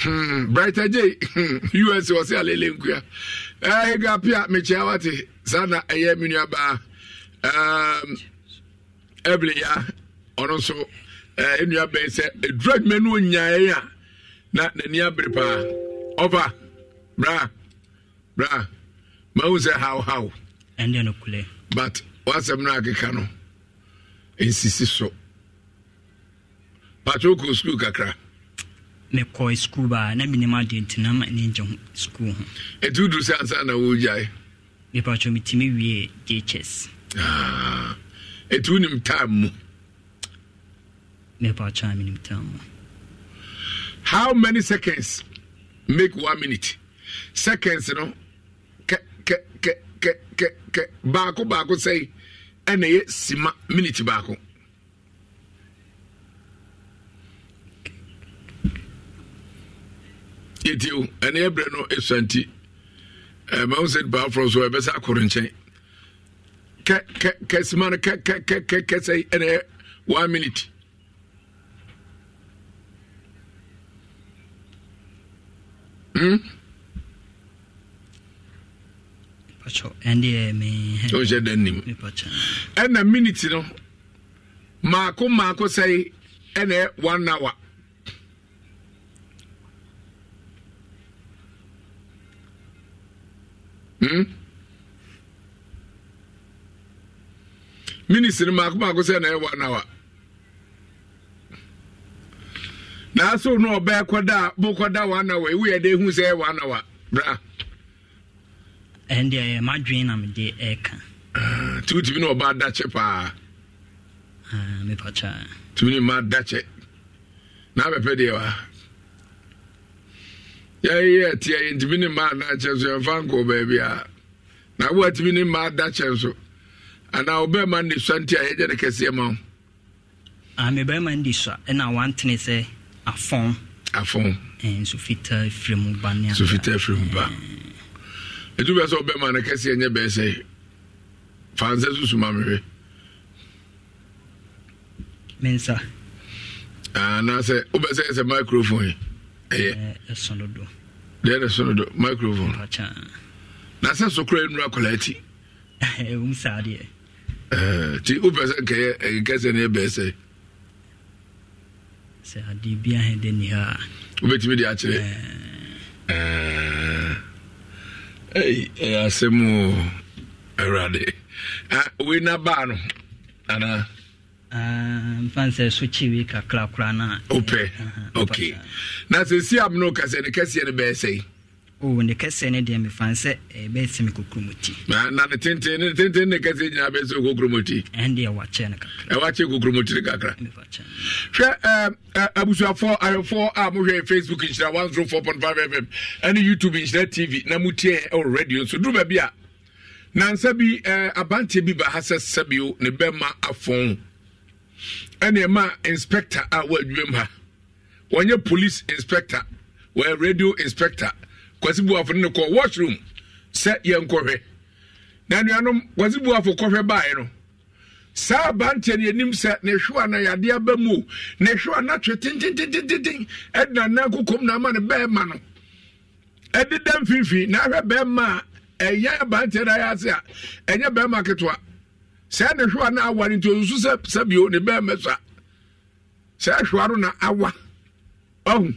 C: hmm. brighter us ɔse alele nkua ɛga pe a wate saa na ɛyɛ me nuabaa ya ɔno nso ɛnuabɛn sɛ adwuma no ɔnyaeɛ na n'ani paa ma sɛ how how ɛne nokorɛ but wasɛm no akeka no nsisi so patro kɔ skul kakra mekɔ skul
H: baa na menim adeɛ nti na mane gye ho skul ho
C: ɛnti woduru sɛ ansa na wɔgyae mepatro metumi wie jhs ɛnti ah, wonim time mu mepatro a menim time mu how many seconds make one minute seconds you no kɛkɛkɛkɛkɛ baako baako sɛi ɛna yɛ sima miniti baako yɛtio ɛne ɛberɛ no ɛsuanti ma wo sɛ nipa aforɔ so ɛbɛsɛ akoro nkyɛn kɛ sima no kɛkɛkɛkɛ sɛi ɛna yɛ one minute hmm? wohyɛ da nim ɛna minute no maako maako sɛe ɛna one hour hmm? minute no maako maako sɛe ɛna one hour so no ɔbɛɛ kɔda a mokɔda one hour ɛwu yɛ de hu sɛ one hour
H: bra ɛnde ɛyɛ madwene
C: na mede ɛka nti wotumi ne ɔba adakyɛ paa ah, mepakyaa tumi ne ma adakyɛ na abɛpɛ deɛ wa yɛyɛ ɛteɛ yɛ ntumi ne ma adakyɛ so yɛmfa nkɔɔ baabi a na woa tumi ne ma adakyɛ nso anaa wobɛɛma nne sua nti a yɛgya ne kɛseɛ ma wo
H: ah, mebɛɛma ndi sua ɛna wantene sɛ afɔn afɔn eh, nso fitaa firi mu ba ne so fitaa firi mu
C: ba eh ɛtu bɛ sɛ wobɛma no kɛseɛ nyɛ bɛɛ sɛ fansɛ susu ma mehwɛ mensa anaasɛ wobɛ sɛ sɛ microphone ɛyɛ deɛ ne sono do microphone na sɛ sokora nnura akwadaa ti nti wopɛ sɛ nkɛyɛ kɛsɛ no yɛ bɛɛ
H: sɛ
C: wobɛtumi de akyerɛ ɛyɛ eh, asɛm o eh, awurade ah, wei na baa no anaa ah,
H: mfan sɛ so kyiwi kakra koraa no
C: opɛ
H: na sɛ si am no kasɛ ne kɛseɛ no bɛɛ sɛi o ne kɛsɛ ne deɛ mefa eh, sɛ ɛbɛsɛ me kokromoti na
C: ne tenten ne tenten ne kɛsɛ nyinaa bɛsɛ kokromoti ɛndeɛ wakyɛ no kakra ɛwakyɛ kokromoti no kakra hwɛ eh, eh, abusuafoɔ ahwɛfoɔ a mohwɛ facebook nhyira 104.5 fm ɛne youtube nhyira tv na motiɛ ɛwɔ radio nso duru baabi a nansa bi abanteɛ bi ba ha sɛ sɛbio ne bɛma afɔn ɛne ɛma inspector a wɔadwuma mu ha wɔnyɛ police inspector wɔyɛ radio inspector kwasi buafo ne kɔ washroom sɛ yɛnkɔhwɛ na nuanom kwasi buafo kɔhwɛ baeɛ no saa aberanteɛ no anim sɛ ne hwewa no yɛade aba mu o ne hwewa no atwe tententententen ɛdena nan kokom na ama ne bɛɛma no ɛdeda mfimfini na ahwɛ bɛɛma a ɛyɛ aberanteɛ no ayɛ ase a ɛnyɛ bɛɛma ketewa saa ne hwewa no awa no nti ɔsusu sɛ sɛ bio ne bɛɛma sa. saa hwewa no na awa ɔhu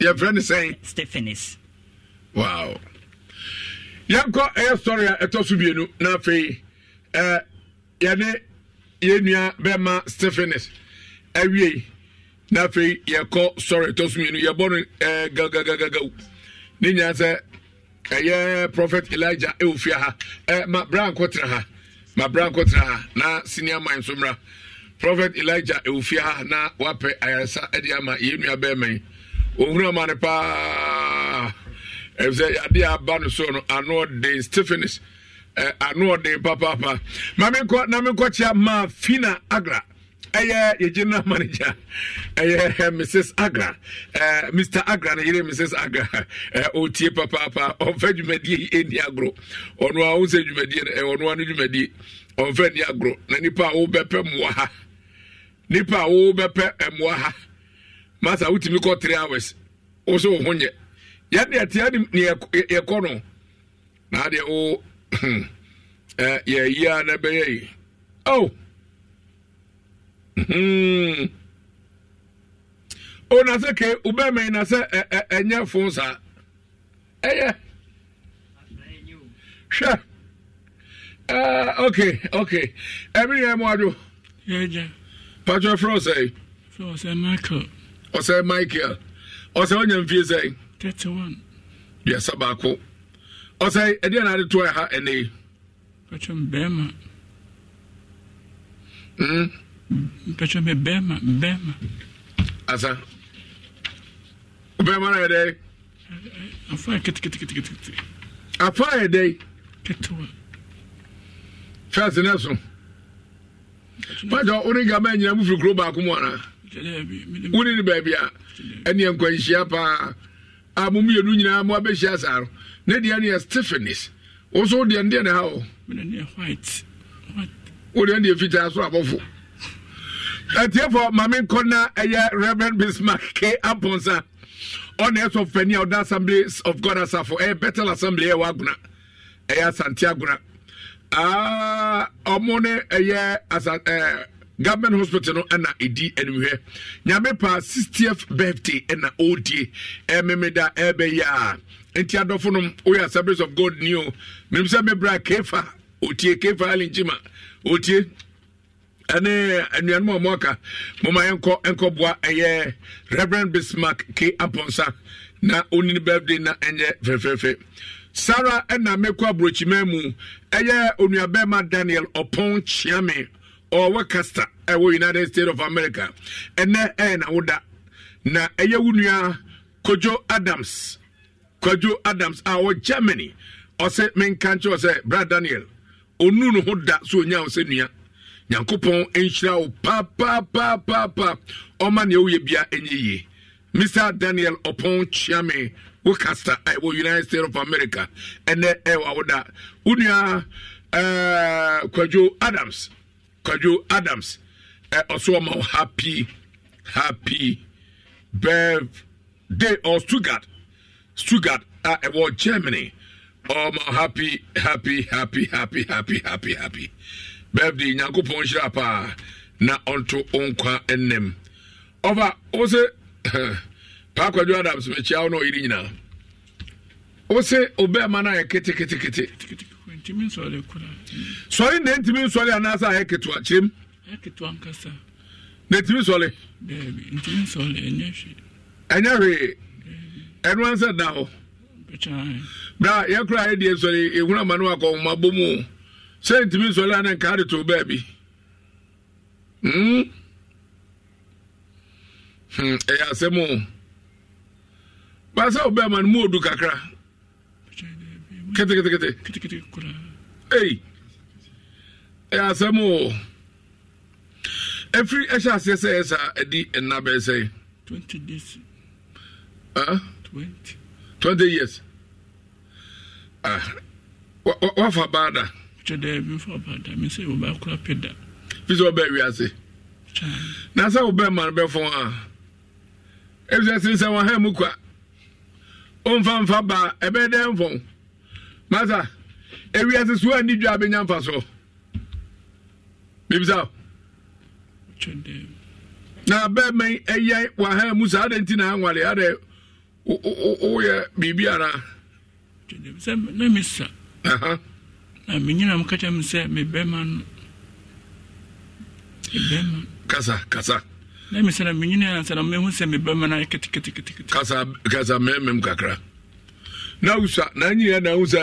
C: yɛfrɛ no sɛn stephanis wow yɛnkɔ ɛyɛ story a ɛtɔ so mmienu na afei ɛɛ yɛne yɛn nua bɛrima stephanis awie na afei yɛkɔ story ɛtɔ so mmienu yɛbɔ no ɛɛ gagagagagaw ne nyinaa sɛ ɛyɛ prophet elijah ɛwɔ fie ha ɛɛ ma bra nkɔ tena ha ma bra tena ha na senior man nso mra prophet elijah ɛwɔ fie ha na wapɛ ayaresa ɛde ama yɛn nua bɛrima yi. owura ma ne paa ɛfisɛ adeɛ aba no so no ano ɔden stephenis ano ɔden papaapa ma menkɔ na menkɔkyea ma fina agra ɛyɛ yɛgyina manager ɛyɛ mrs agra uh, mr agra no yere mrs agra ɔtie uh, papaapa ɔmfa dwumadie yi ɛni agorɔ ɔno a wo dwumadie no ɔno a dwumadie ɔmfa ni agorɔ na nipa a wobɛpɛ mmoa ha nipa a wobɛpɛ mmoa ha masa wotumi kɔ three hours wo sɛ wo ho nyɛ yɛde ɛtea ne yɛkɔ no na adeɛ wo yɛyia na ɛbɛyɛ yi o o na sɛ ke eme eh, eh, eh, na sɛ ɛnyɛ fo saa ɛyɛ hwɛ Uh, ok ok Every year, Mwadu. Yeah, yeah. eh? Michael. ɔsɛ michael ɔsɛ ɔnya mfie sɛ 31 duasa baako ɔsɛ ɛdeɛ na ade toa ɛha ɛne
I: mpɛtwɛ mbɛrima mpɛtwɛ me hmm?
C: asa bɛrima no yɛdɛ afa keteketeketekete afa yɛdɛ so pagya wone gama nyina mufiri kuro baako mu anaa wone ne baabi a ɛneɛ nkwanhyia paa a mo mmienu nyinaa mo abɛhyia saa no ne deɛ no yɛ stephenis wo so wodeɛ ndeɛ ne ha o wodeɛ deɛ fitaa so abɔfo atiefo maame nkɔ na ɛyɛ reverend bismark k aponsa ɔne ɛsɔ fani a ɔda assembly of god asafo ɛyɛ betel assembly ɛwɔ agona ɛyɛ asante agona ɔmo ne ɛyɛ asa ɛɛ government hospital no ɛna ɛdi anihwɛ nyame pa 60th birthday ɛna ɔredie ɛmemeda ɛbɛyɛ a nti adɔfo nom woyɛ assemblies of god ni o menim sɛ mebrɛ kefa otie kefa alenkyima otie ɛne anuanom a ɔmɔka moma yɛnkɔ nkɔboa ɛyɛ reverend bismark k aponsa na ɔnini birthday na ɛnyɛ fɛfɛɛfɛ sara ɛna mɛkɔ aburokyimaa mu ɛyɛ onuabɛrima daniel ɔpɔn kyeame ɔwɔ kasta ɛwɔ united states of america ɛnɛ ɛyɛ n'awoda na ɛyɛ wo nua kojo adams kojo adams a ɔwɔ germany ɔsɛ menka nkyɛ ɔsɛ bra daniel onu ne ho da so ɔnya ɔsɛ nua nyankopɔn nhyira wo paapaapaapaapa ɔma nea woyɛ bia ɛnyɛ yie mr daniel ɔpɔn kyeame wo kasta ɛwɔ united states of america ɛnɛ ɛwɔ awoda wo nua ɛɛ kwadwo adams Kwadwo Adams ɔso ɔma wo happy happy birthday or Stuttgart Stuttgart a ɛwɔ Germany ɔma oh, happy happy happy happy happy happy happy birthday nyankopɔn nhyira paa na ɔnto nkwa ɛnam ɔba wo sɛ paa Kwadwo Adams mekyia wo na ɔyere nyinaa wo sɛ obɛɛma no ayɛ keteketekete ntumi nsɔre kura. sɔre na ntumi nsɔre anaasa ayɛ ketewa kyem.
I: ayɛ ketewa nkasa.
C: na ntumi nsɔre. dɛbi ntumi nsɔre ɛnyɛ hwee. ɛnyɛ hwee ɛnua nsa da hɔ. bra yɛkura ayɛ deɛ nsɔre ehun ama no akɔ ɔmo abɔ mu sɛ ntumi nsɔre ana nka adi to baabi. Hmm? Hmm, ɛyɛ asɛm o baasa obɛma no mu odu kakra kẹtẹkẹtẹkẹtẹ kitikiti kura eyi ẹ asẹm o efiri ẹhyẹ aseɛ sɛ ɛsa ɛdi ɛna bɛyɛ sɛ.
I: twenty days.
C: Ah? twenty. twenty years. Ah. wafa baada.
I: kyɛ dɛ ebi fa baada mi sɛ ɔbaa kura peda. da.
C: fi sɛ ɔbɛ wiase. na sɛ ɔbɛ ma no bɛ fɔn a ebi sɛ sisan wɔn hɛn mu kwa ɔnfa nfa baa ɛbɛ dɛ nfɔn masa ewiase so ani dwa abɛnya mfa so bibisa na bɛɛma ɛyɛ e waha mu saa adɛ nti na anwale adɛ woyɛ biribi anaa sɛ na mesa na
I: menyina m kakyɛ m sɛ mebɛma no mebɛma
C: kasa kasa
I: na mesa na menyina ansa na mehu sɛ mebɛma na ayɛ e keteketekete
C: kasa kasa mɛmem kakra na wusa na anyị ya na wusa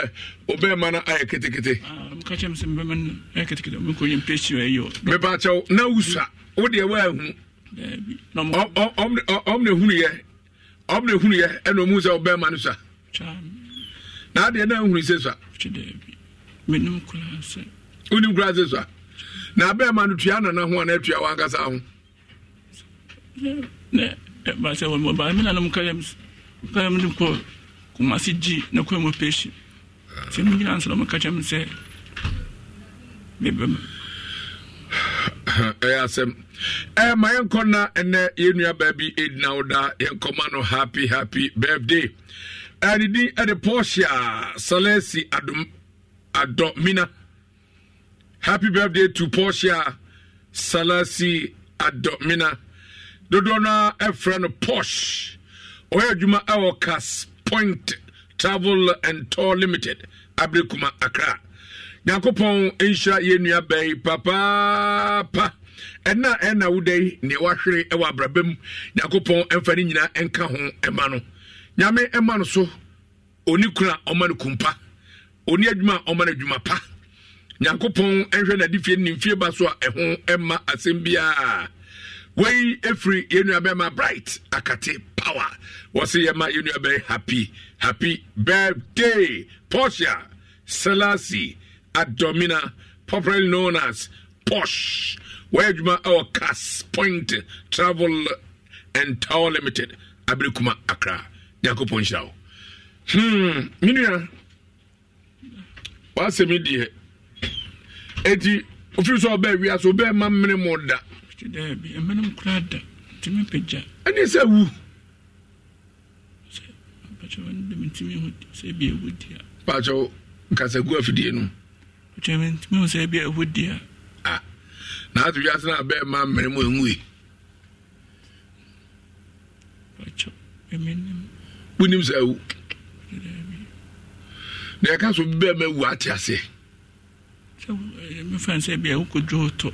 C: ọbẹ̀ẹ̀ma ah, na ayọ ketekete. mẹba akyẹw na wusa o deɛ wa ehu ɔm na ehunu yɛ ɔm na ehunu yɛ ɛna ɔmu sɛ ɔbɛ̀ɛ̀ma no sa na adeɛ na ehunu sɛ sa. onim kura sɛ sa na abɛ̀ɛ̀ma na tua nana ho ana etua wankasa ho. ne ɛ baasa wɔn mo baasa mi na anam kaya mi kaya mi
I: kɔ. kumase gye ne kwan mu pɛhyi sɛ mu nyinaa nsɛlɛ ɔmaka kyɛm sɛ
C: mebɛm ɛyɛ asɛm ɛɛ ma yɛnkɔ eh, na ɛnɛ yɛn nua baabi ɛdina wo da yɛnkɔma no happy happy birthday ɛɛ eh, ne din ɛde eh, pɔsia salesi adom adɔ happy birthday to pɔsia salesi adɔ Dodona dodoɔ no a ɛfrɛ no posh ɔyɛ point travel and tour limited abirikuma accra nyankopɔn nhyira yɛn nua bɛn papaapa ɛna ɛna woda yi ne wahwere ɛwɔ abraba mu nyankopɔn ɛmfa ne nyinaa ɛnka ho ɛma no nyame ɛma no so oni kuna ɔma no kumpa oni adwuma ɔma no adwuma pa nyankopɔn ɛnhwɛ n'adifie ne mfie ba so a ɛho ɛma asɛm biara wei efiri yɛn nua bɛɛ ma bright akate power wɔsi yɛn ma yɛn nua bɛɛ happy happy birthday portia selassie adomina popularly known as posh wɔyɛ adwuma ɛwɔ cas point travel and tower limited abirikuma Akra. nyankopɔn nhyira wo hmm mi nua wɔasɛm deɛ eti ofiri so ɔbɛɛ wia so ɔbɛɛ ma mmiri mu da dɛbi ɛmɛnum kura da tìmí pẹgya. ɛni sɛ wu. sɛ apatsɛw ɛni dɛm ntumi ho sɛ ebi ewu di a. patsɛw nkasa gu afidie no. patsɛw ɛni ntumi ho sɛ ebi ewu di a. a n'atu yi asena abɛɛ maa mɛrin mu enwue. patsɛw ɛmi nim. wunim sɛ wu. deɛ ɛka so bɛɛ mɛ wu ate ase.
B: sɛ
I: ɛmi fa nsɛ
C: bi a wokɔ dwo tɔ.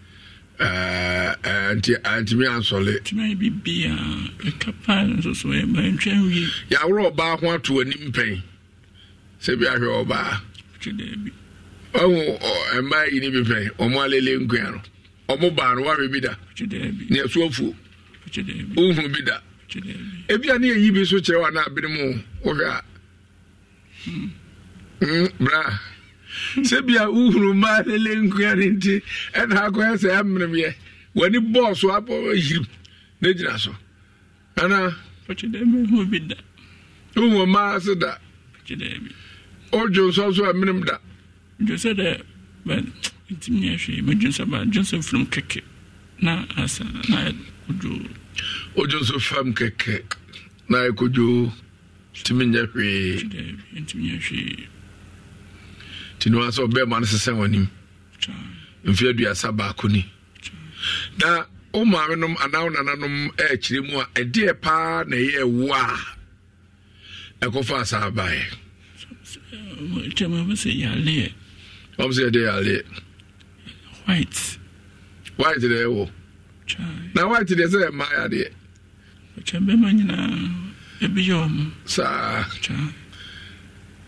C: Eh, eh, nti antimi eh, ansɔle yɛaworɛ ɔbaa ho ato anim pɛn sɛ biahwɛ ɔbaa ɔhu mmaa yi ne bi pɛn ɔmo alele nkua no ɔmo baa no wahwɛ bi da nea so afuo wohunu bi da ne yɛyi bi so kyerɛ mu wohwɛ a hmm. Hmm, bra sebia sɛbia wohunu maa ne le nkua no nti ɛna akɔyɛ sɛ ɛmmeremyɛ w'ani bɔɔ so abɔ yirim na gyina so ana wohu maa se da
I: wodwo nsɔ so a menem da dwosɛ dɛ ntimi ne ahwɛ madwene sɛ ba dwene sɛ firim na asa na
C: wodwo wodwo nso fam kɛkɛ na ɛkɔdwo ntimi nyɛ hwee ntimi nyɛ hwee nti ne wa sɛ ɔbɛrima no sesɛ w'anim mfe aduasa baako ni na wo maame nom anaa wo nananom ɛɛkyerɛ mu a ɛdeɛ paa na ɛyɛ wo a ɛkɔfa saa baeɛ ɔm sɛ yɛdeɛ yɛaleɛ white white deɛ ɛwɔ na white deɛ sɛ ɛmmaa yɛ adeɛ saa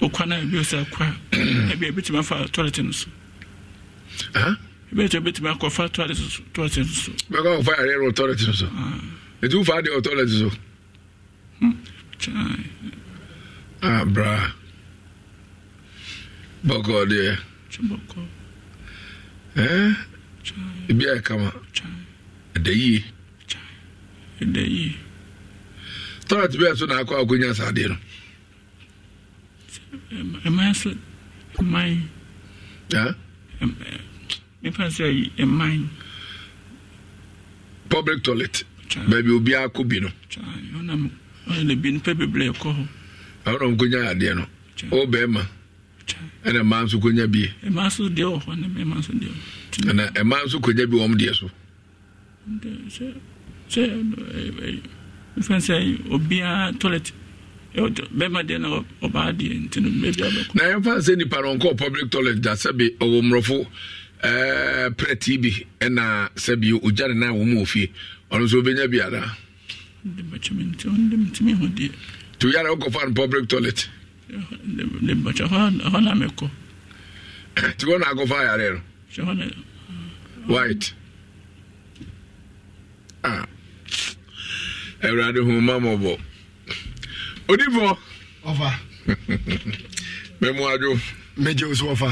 I: okwan a ebi osi akwa ebi ebitumi afa toilet no so ebi etu ebitumi akɔ fa toilet so toilet no so.
C: bɛka ɔfa yare ɛrɛ toilet no so ah. etu fa de toilet so. Hmm. abra ah, bɔkɔ deɛ ebi ayɛ kama ɛda yie toilet bɛyɛ so na akɔ akɔnya saa deɛ no
I: ɛman sɛ man mefa sɛ ɛman
C: public toilet baabi obiara kɔ bi no ɔna bi nipa bebree kɔ hɔ ɔna nkonya adeɛ no ɔwɔ bɛrima ɛna mmaa nso konya bie
I: mmaa nso deɛ wɔ hɔ na mmaa nso deɛ
C: wɔ ɛna mmaa nso konya bi wɔn deɛ so
I: sɛ sɛ mefa sɛ obiara toilet bɛma deɛ na ɔbaa deɛ
C: nti no mɛbi abɛkɔ na yɛmfa sɛ nipa no public toilet da sɛbe ɔwɔ mmorɔfo bi ɛna sɛbi ogya ne na wɔ ofie ɔno nso wobɛnya bi nti woyare wokɔfa no public ah. toilet odifo ɔfa mɛmu adwo mɛgye wo so ɔfa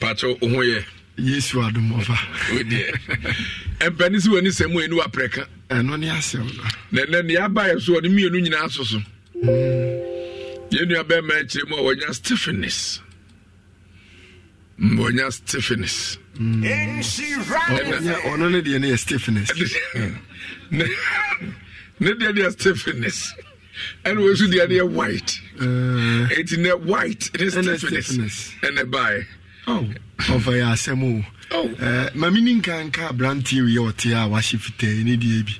C: patro wo ho yɛ yesu adom ɔfa wodeɛ ɛmpɛne sɛ w'ani sɛ mu ɛnu aprɛka ɛno ne asɛm no nɛ neɛ abaeɛ so ɔne mmienu nyinaa so so yɛnnua bɛma akyirɛ mu a wɔnya stephenis wɔnya stephenis ɔno ne deɛ ne yɛ stephenis ne deɛ deɛ stephenis ɛna wɔn nso deɛ no yɛ white eti na white ne stiffness ɛna bae. ɔfa yɛ asɛm o mame ni nkanka aberanteɛ wiyɛ ɔte a wahye fitaa ne deɛ bi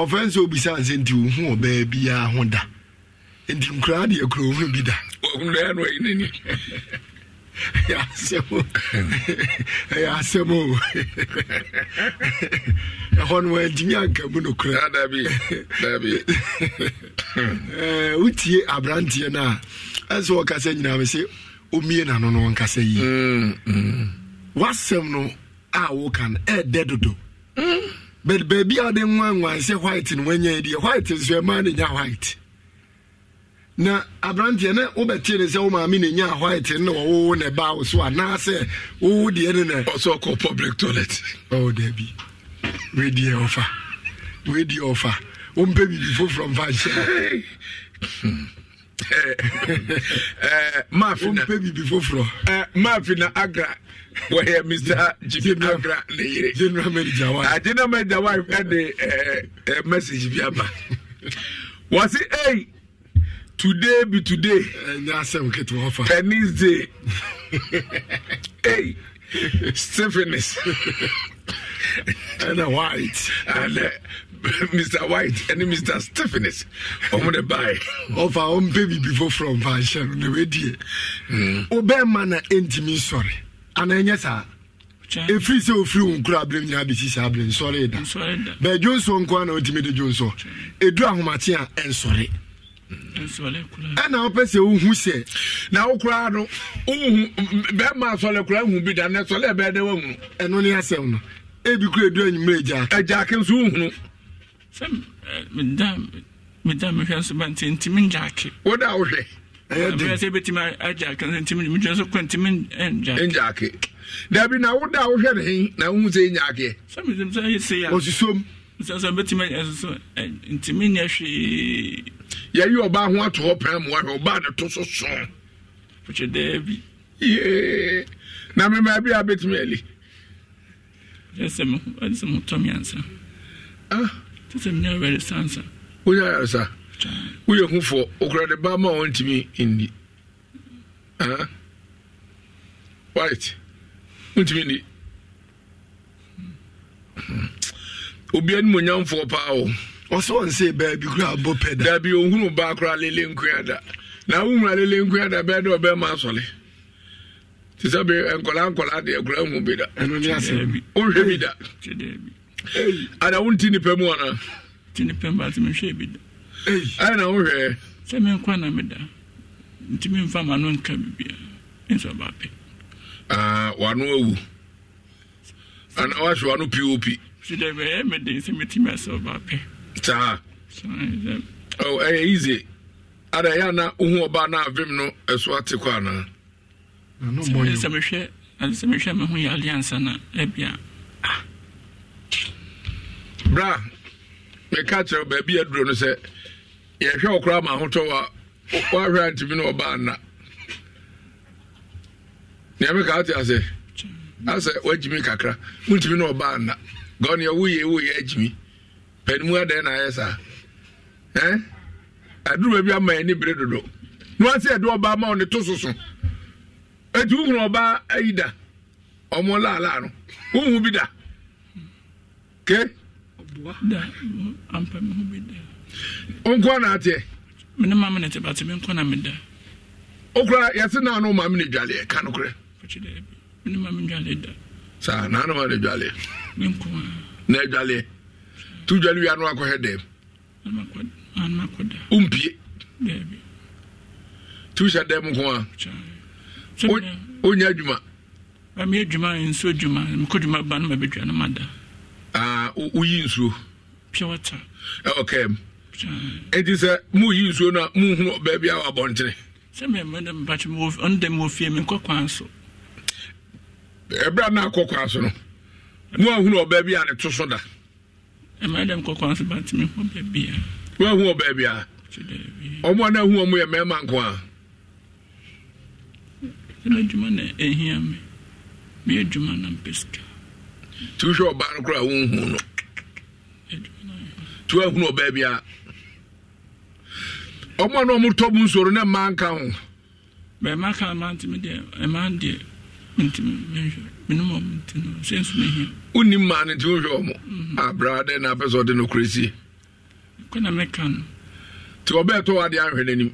C: ɔfa nso obisa nsɛ nti wohu ɔbaa biaa ho da nti nkoraa deɛ kuro ohunu bi da ɛyɛ asɛm o ɛyɛ asɛm o ɛhɔ no wɔantumi anka mu nokora dabi dabi wotie aberanteɛ no a ɛsɛ wɔkasa nyinaa me sɛ ɔmie nano no wɔnkasa yi wasɛm no a woka no ɛɛdɛ dodo but baabi a wode nwanwan sɛ white no wanyɛ deɛ white nso ɛmaa no nya white na aberanteɛ na wobɛtie ne sɛ wo maame ne nya white na wɔwowo ne ba wo so anaasɛ wowo deɛ ne ne ɔsɛ ɔkɔ public toilet ɔwo daabi wedeɛ ɔfa wedeɛ ɔfa wompɛ biribi foforɔ mfa nhyɛ wompɛ biribi foforɔ eh, maafi na agra wɔyɛ mr jimmy agra ne yere general manager wife ah, general manager wife ɛde eh, eh, message bi aba wɔse ei today be today penis day hey stephenis ɛna white ɛnɛ mr white and mr stephenis ɔmo de bae ɔfa ɔmpɛ bibi foforɔ mfa nhyɛ no na wadie wobɛma na ɛntimi nsɔre anaa ɛnyɛ saa ɛfiri sɛ ɔfiri wo nkura aberɛm nyinaa bɛsi saa aberɛ nsɔre da bɛɛ dwonsoɔ nko a na ɔtumi de dwonsoɔ ɛduru ahomaten a Sorry.
I: Mm-hmm. ɛna
C: wopɛ sɛ wohu sɛ na wo no wohu bɛma asɔle koraa hu bi da nɛ sɔle ɛbɛɛ dɛ woahunu ɛno ne asɛm no ɛbi kora ɛdu anwummerɛ agyaa agyaake nso wohunu eh, woda wohwɛ dabi na woda wohwɛ ne na wohu sɛ ɛnyaakeɛ
I: ɔsusom eh, eh, ntimi nyɛ hwee
C: yɛyi ɔbaa ho ato hɔ pɛn mu ahwɛ ɔbaa ne to so so
I: wokyɛ daabi
C: yee na me baabi a bɛtumi ali
I: ɛsɛ mo tɔ me ansa te ah. sɛ menya awɛre sa ansa
C: wonya awɛre sa woyɛ hu foɔ wokora de baa ma a ɔntumi nni right ah. wontumi nni hmm. obianim onyamfoɔ paa o ɔsɛ wɔn sɛ baabi kura abɔ pɛ da dabi ohunu ba kura lele nkuya da na ahumura lele nkuya da bɛɛ dɛ ɔbɛɛ ma sɔle te sɛ bi nkɔla nkɔla deɛ kura mu bi da ɛnu ni asɛ bi ohwɛ bi da adahun ti nipa mu ana ti nipa mu ati mi hwɛ bi da ɛyɛ na ohwɛ
I: sɛ mi nkwa na mi da ntumi nfa ma no nka bibia nso ba pɛ
C: aa wano awu ana wahyɛ wano pop. sida bɛyɛ mɛ den sɛ mi ti mi asɛ ɔba pɛ. ọ oh ɛyɛ easy ada ya na ohun ɔbaa na avim no ɛso ate kɔ ana. sɛ mehwɛ
I: sɛ mehwɛ me ho yɛ aliansa na ɛbia
C: bra meka kyerɛ baabi aduro no sɛ yɛhwɛ ɔkora ma ahotɔ wa woahwɛ a ntimi no ɔbaa nna neɛme ka wote ase asɛ woagyimi kakra wontimi no ɔbaa nna gɔneɛ woyɛ woyɛ agyimi panimu adan na ayɛ saa ɛn aduru ama ani bere dodo nuwansi yɛ de ɔbaa ma ɔne to soso etu huhun ɔbaa ayi da ɔmo laala no huhun bi da ke.
I: nkɔ na mene maame na meda okura yɛse na no maame ne dwaleɛ ka nokorɛ mene
C: na dwaleɛ na dwaleɛ tu dwale wia no akɔhɛ dɛm wompie tu hyɛ dɛm nko a wonya
I: adwuma meyɛ juma, nsuo juma mekɔ adwuma ba no mabɛdwa no mada woyi nsuo pia wata
C: ɔkɛm ɛnti sɛ moyi nsuo no a mohunu baabi a wɔabɔntene
I: sɛ memɛdɛ mpakye ɔno dɛ mɔ fie menkɔ kwan so
C: ɛberɛ no akɔ kwan so no moahunu ɔbaa bi a ne da
I: ɛma dɛm kɔkɔ nso ba tumi hɔ baabi a
C: woahu wɔ baabi a
I: ɔmo a na ahu ɔmo yɛ mmarima nko a ɛna adwuma na ɛhia
C: me meyɛ adwuma na mpɛ sika nti wohwɛ ɔbaa no koraa wonhu no nti woahunu ɔbaa bi a ɔmo a na ɔmotɔ mu nsoro na mmaa nka ho
I: bɛma ka ma ntimi deɛ ɛma deɛ
C: wonim maa no nti wohwɛ ɔ mo mhm. abraa dɛn na apɛ sɛ ɔde nokorɛ sie nti ɔbɛɛtɔ wade ahwɛ n'anim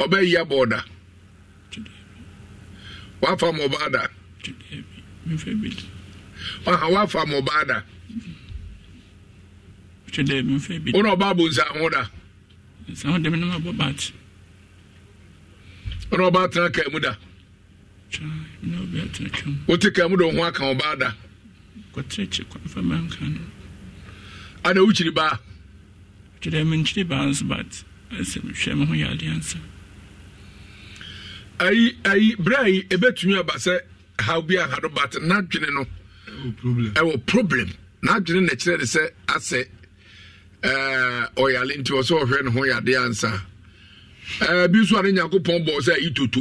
C: ɔbɛyi abɔɔda wafa ma ɔbaa da aha wafa ma ɔbaa da wo na ɔbaa bo nsa ho da ɔna ɔba atena kaa mu da wote kaa mu da ɔho aka ɔba da
I: ana wokyiri baa baa
C: ayi ayi berɛ ayi ɛbɛtumi aba sɛ haw bi a n'adwene no ɛwɔ problem n'adwene na kyerɛ ne sɛ asɛ ɛɛ ɔyare nti wɔ sɛ ɔhwɛ ne ho yɛ adeɛ ansa Eh, bi nso a ne nyankopɔn bɔ sɛ itoto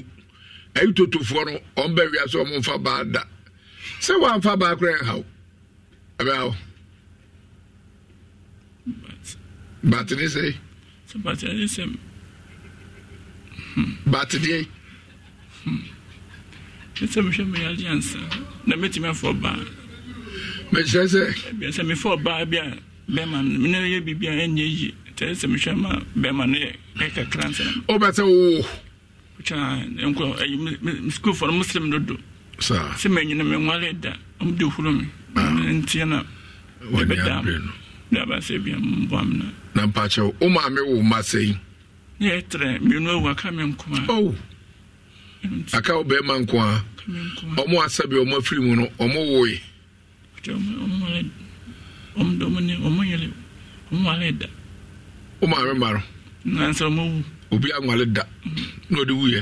C: ɛyitotofoɔ no ɔmbɛ wia sɛ ɔmomfa baa da sɛ woamfa baa koraa ɛnhaw ɛbɛhaw batene sɛ batedeɛ sɛ
I: mehwɛ hmm. meyare ansa na mɛtumi afɔ baa mekyerɛ sɛ sɛ mefɔ baa bi a bɛma no mene yɛ biribi a ɛnyɛ yie kyerɛ sɛ mehwɛ ma bɛma no yɛ kakra nsɛm wobɛ sɛ wo sukuufo no mosrɛ me dodo sɛ manyina menware da ɔmde huro me ntiɛ na ɛbɛdam da basɛ bia
C: mboa me na mpakyɛ wo mi wo ma sɛi ne yɛtrɛ mmienu awu aka me nko a aka wo bɛrima nko a ɔmo asabi ɔmo afiri mu no ɔmo woe ɔmo yere ɔmo ware da o maame ma no. nansan ma wu. obi anwale da na ɔde wuyɛ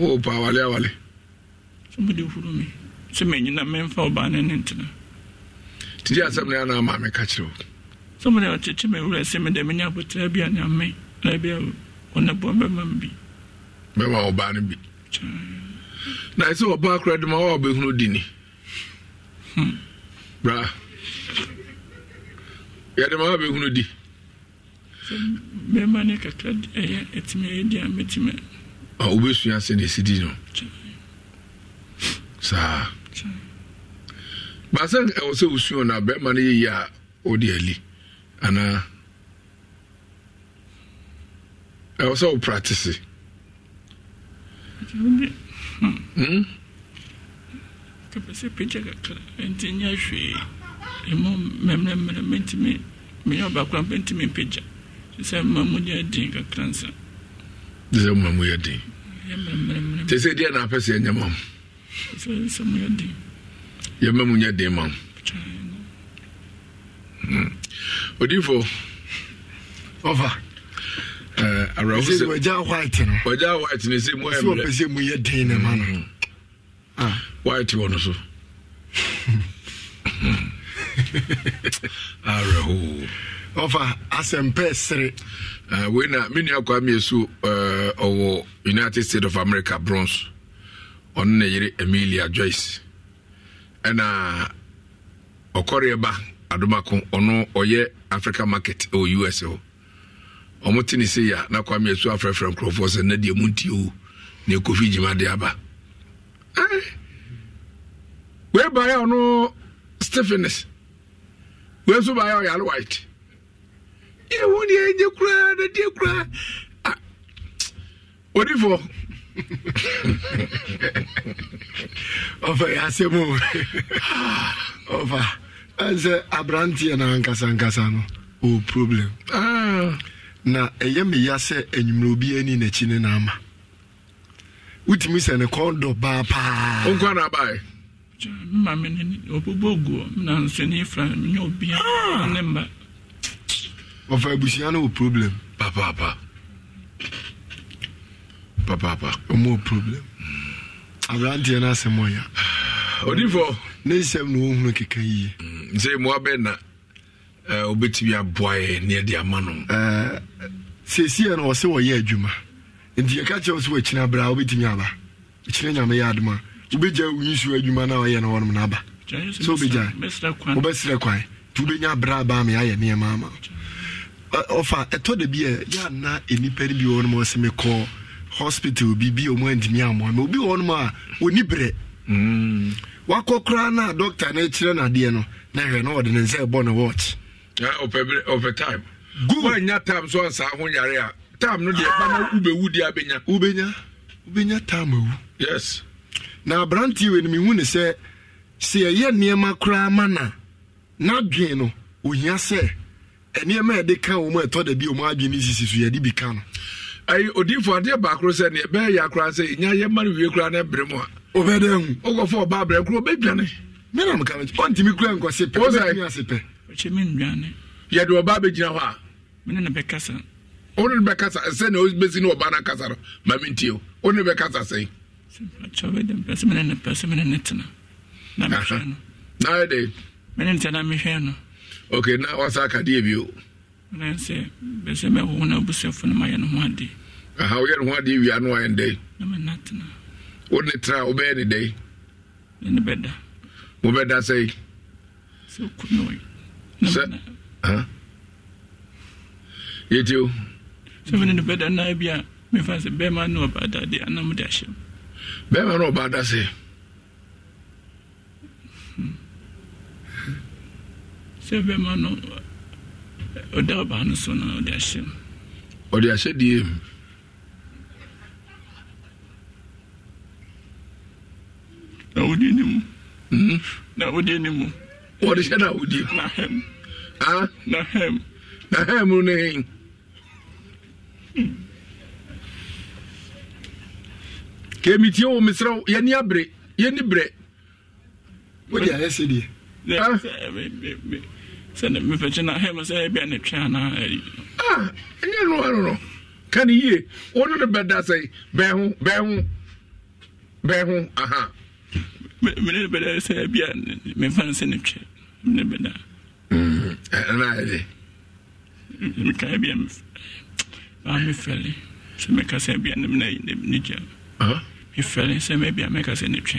C: o pa awale awale.
I: somebody huru mi sɛ menyina memfa ɔbaa ne na anaa maame ka kyerɛ o. somebody ɔkyekye me wura sɛ mede menya abotira bi a ne amɛ na bi a ɔne bɔ bɛma m bi.
C: bɛma ɔbaa no bi. na ɛsɛ ɔbaa koraa de ma wɔ a ɔbɛhunu di ni. Hmm. bra yɛde ma wɔ a ɔbɛhunu di
I: mmarima ne kakra ɛyɛ ɛtumi ɛyɛ deɛ
C: mɛtumi. a wobɛsua sɛ deɛ ɛsi di no saa baasa ɛwɔ sɛ wosua no a bɛrima no yɛyi a wode ali anaa ɛwɔ sɛ wo practice
I: kapɛ sɛ pagya kakra ɛnti nyɛ hwee ɛmu mmɛmmerɛmmerɛ mentimi menyɛ ɔbaakora mpɛntimi mpagya sɛ ma mu yɛ den kakra nsa
C: sɛ ma mu yɛ
I: den
C: te sɛ deɛ na apɛ sɛ ɛnyɛ ma
I: m
C: yɛma mu nyɛ den ma hmm. odifo ɔfa eh, white no ɔgya white no sɛ mu ɛmrɛ sɛ mu yɛ den ne ma no hmm. ah. white wɔ no so hmm. awerɛhoo ɔfa asɛm pɛ sere uh, eh, wei na me nua kwa eh, ɔwɔ united states of america bronze ɔno na yere emilia joyce ɛna ɔkɔreɛ ba adomako ɔno ɔyɛ africa market ɛwɔ us hɔ ɔmo te ne se ya na kwa miesu afrɛfrɛ nkurɔfoɔ sɛ na deɛ mu ntie o na ɛkɔfi gyima de aba eh, wei baeɛ ɔno stephenes wei nso baeɛ ɔyɛ ale white ihe koraa na deɛ koraa ah. onifoɔ ɔfa yɛ asɛm ah. ɔfa ɛnsɛ aberanteɛ no ankasankasa no o problem ah. na ɛyɛ meya sɛ obi ani n'akyi ne no ama wotumi sɛ ne kɔndɔ baa paa ɔnkɔ na abaɛ
I: mma guɔ fra menyɛ obia ne
C: ɔfa abusua no wɔ problem papaapa papaapa ɔmo problem hmm. aberanteɛ ah, no asɛm ɔya ɔdifo ne nsɛm na wɔhunu keka yie sɛ mmoa bɛ na wobɛtumi aboaeɛ ne ɛde ama no eh, seesia no ɔsɛ wɔyɛ adwuma nti yɛka kyerɛ wo sɛ wakyina berɛ a wobɛtumi aba ɛkyerɛ nyame yɛ adoma wobɛgya wonsuo adwuma no a ɔyɛ no wɔnom no aba sɛ wobɛgya wobɛserɛ kwan nti wobɛnya berɛ abaa me ayɛ ɔfa ɛtɔ da bi a yɛana nnipa no bi wɔ hospital bi bi ɔmu antumi obi ma a ɔni berɛ mm. wakɔ koraa no doctor na adeɛ no na hwɛ na ɔde ne nsa ɛbɔ ne watch time nya time so a time no deɛ bana ah. time yes na aberanteɛ wei no mehu ne sɛ sɛ yɛyɛ nneɛma koraa ama na n'adwene no ohia sɛ nneɛma yɛde ka wɔn a ɛtɔ da bi wɔn adwene sisi so yɛde bi ka no. ayi odinfo adeɛ baako sɛ neɛ bɛɛ yɛ akora sɛ nya yɛ mma no wie kora no ɛbrɛ mu a. ɔbɛ dɛ hu. ɔkɔfɔ ɔba abrɛ kuro ɔbɛdwane. mena mka no ɔntimi kura nkɔse pɛ ɔbɛtumi ase pɛ. ɔkyɛ mi ndwane. yɛde ɔba abɛgyina hɔ a. mene no bɛkasa. ɔno no bɛkasa sɛ na ɔbɛsi ne ɔba no akasa no
I: ma me ntie o ɔno no bɛkasa sɛn. sɛ mene no na mehwɛ na yɛ dɛ mene no tena okay na wasa akadeɛ
C: bio sɛ bɛsɛ bɛwo na abusuafo no mayɛ no ho ade aha woyɛ no ho adeɛ wia no wayɛ ndɛn
I: na menatena
C: wo ne tra wobɛyɛ ne dɛn ne ne bɛda wobɛda sɛi
I: sɛ ku no sɛ yɛtio sɛ mene ne bɛda naa bi a mefa sɛ bɛrima ne ɔbaadadeɛ anamde ahyɛm bɛrima ne ɔbaada sɛ sɛ bɛma no ɔde ɔbaa no so na ɔde ahyɛ m
F: ɔde
C: ahyɛ
I: deɛ mu na wodi ne mu
C: hmm? na wodi ne mu wɔde hyɛ na wodi na hem a na hem na hem no ne hen kɛmitie wo mesrɛ wo yɛni abere yɛni berɛ
I: wode ayɛ sɛ deɛ sɛne mepɛkyɛ no hɛma sɛ ɛbia ne twɛ anaa
C: ah, ɛnyɛ no ɛnorɔ ka ne yie wo no ne bɛda sɛ bɛho bɛho bɛho
I: aha mene ne bɛda mm, sɛ ɛbia memfa no sɛ ne twɛ mene bɛda ɛnaɛde meka bia baa mefɛle sɛ mɛka sɛ bia ne mena ne gya mefɛle sɛ mɛbia mɛka sɛ ne twɛ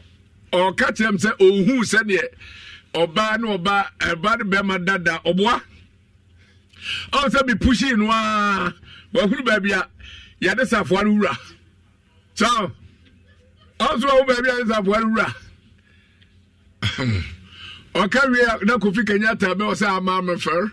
C: ɔka kyerɛ m sɛ ɔhu sɛdeɛ ɔbaa ne ɔba ɛba ne bɛrima dada ɔboa ɔn sɛ bi pushi no a wahunu baabi a yɛde safoa no wura so ɔn so wahu baabi a yɛde safoa no wura ɔka wie na kofi kenyatta bɛ wɔ sɛ ama mefɛr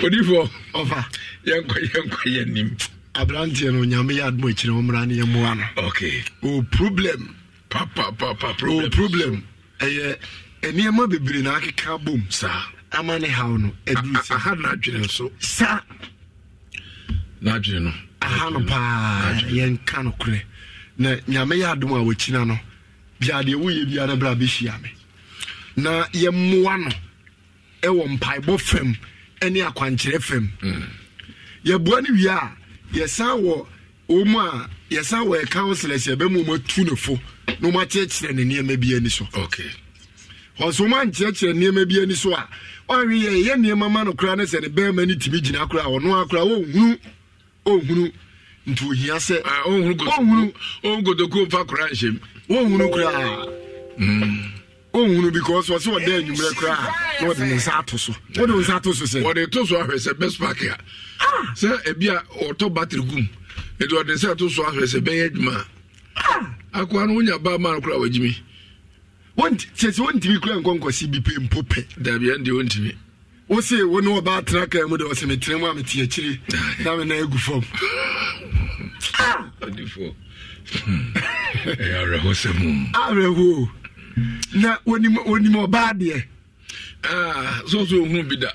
C: odifoɔ ɔfa yɛnkɔ yɛnkɔ yɛnim aberanteɛ no nyame yɛ adom akyirɛ ɔmmra ne yɛmmoa no okay o problem papapapa oh, problem ɛyɛ nneɛma bebree na akeka bom saa ama ne haw no aduru sɛ aha n'adwene nso saa n'adwene no aha no paa yɛnka no korɛ na nyame yɛ adom a wakyina no bia deɛ woyɛ bia no bɛhyia me na yɛmmoa no ɛwɔ mpaebɔ fam ne akwankyerɛ fam hmm. yɛboa no wie a yɛsan wɔ ɔmu a yɛsan wɔ ɛcounselors yɛbɛma ɔmatu ne fo na ɔmo akyerɛkyerɛ ne nneɛma bi ani so ɔso ɔmo ankyerɛkyerɛ nneɛma bi ani so a ɔnwe yɛ yɛ nneɛma ma no koraa ne sɛ ne bɛrima ne tumi gyina koraa ɔno akora ɔnhunu ɔnhunu nti ohia sɛ ɔnhunu kodokuo fa koraa nhyɛm ɔnhunu koraa mm. ɔnhunu because ɔsɛ ɔda anwummerɛ koraa na ɔde ne nsa ato so wode wo nsa ato so sɛ ɔde to so ahwɛ sɛ best park a ah! sɛ ebi a ɔtɔ battery gum ɛde ɔde nsa ato so ahwɛ sɛ bɛyɛ adwuma a akoa no wonya ba ma no kora wagyimi sɛsɛ wontimi kora nkɔnkɔse bi pɛ mpo pɛ daabia deɛ wontimi wo se wo ne wɔba atena kaa mu de ɔsɛ metena mu a mete akyire na mena agu fam awerɛho sɛ mu awerɛho na onim ɔbaa deɛ sɛ so ohunu bi da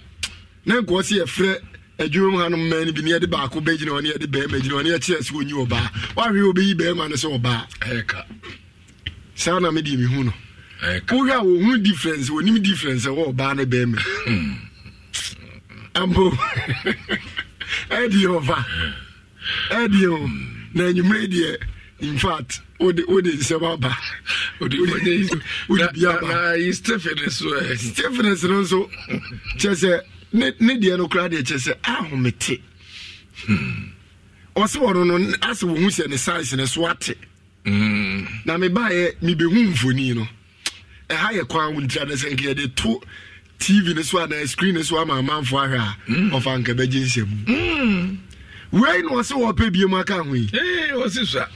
C: na nkɔɔ se yɛfrɛ adwuma mu hanom mmaa no bi ne yɛde baako bɛgyina hɔ ne yɛde bɛrima gyina hɔ ne yɛkyerɛ sɛ ɔnyi ɔbaa wahwɛ obɛyi bɛrima no sɛ ɔbaa ɛyɛka saa na medeɛ mehu no wohwɛ a wɔhunu difference wɔnim difference ɛwɔ ɔbaa ne bɛrima ampo ɛdeɛ ɔfa ɛdeɛ o na anwummerɛ deɛ infact wode wode nsɛm aba wode bi aba stephenes no nso kyɛ sɛ ne deɛ no koraa deɛ kyerɛ sɛ ahomete hmm. ɔsɛ ɔno no asɛ wɔhu sɛ ne size ne so ate hmm. na mebaeɛ mebɛhu mfoni no ɛha yɛ kwan wo ntira no sɛ nka yɛde to tv no so anaa screen no so ama amanfoɔ ahwɛ a hmm. ɔfa nka bɛgye nhyɛ mu wei na ɔsɛ wɔpɛ bie aka ho yi ɔse sa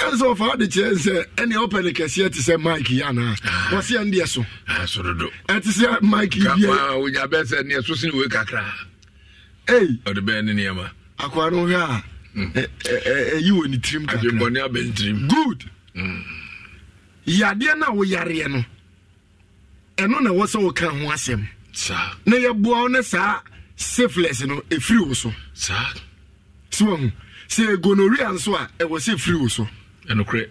C: kansa ɔfa de kyerɛ sɛ ɛne ɔpɛ ne kɛseɛ te sɛ mike yi anaa ah. wɔseɛ ndeɛ so ah, so dodo ɛte sɛ mike yieonya bɛ sɛ neɛ so sene wei kakra ei ɔde bɛɛ ne nneɛma akoa no hwɛ a ɛyi hmm. e, e, e, wɔ ne tirim kakradwembɔne abɛ good hmm. yadeɛ no a woyareɛ no ɛno na ɛwɔ sɛ woka ho asɛm saa na yɛboa wo ne saa syphilis no ɛfiri wo so saa sɛ wahu sɛ gonorrhea nso a ɛwɔ sɛ firi wo so ɛnokorɛ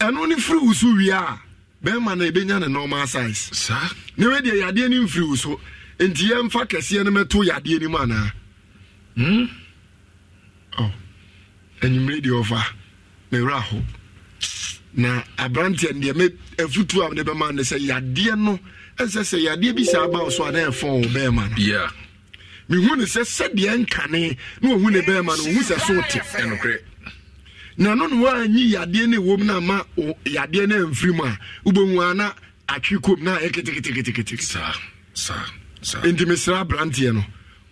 C: ɛno ne firi wo so wie a bɛrima no ɛbɛnya ne normal size saa na wɛdeɛ yadeɛ no mfiri wo so nti yɛmfa kɛseɛ no mɛto yadeɛ no mu anaa hmm? anwummerɛ deɛ ɔfa mewerɛ ho na aberanteɛ no deɛ me afutuo a ne bɛma no sɛ yadeɛ no ɛnsɛ sɛ yadeɛ bi saa ba wo so a na ɛfɔn wo bɛrima no yeah. mehu ne sɛ sɛdeɛ nkane na ɔhu ne bɛrima no ɔhu sɛ so te ɛnokorɛ na no no anyi yadeɛ no ɛwɔ mu no ama yadeɛ no amfiri mu a wobɛhu a na atwe kom no a ɛketeketeketekete enti aberanteɛ no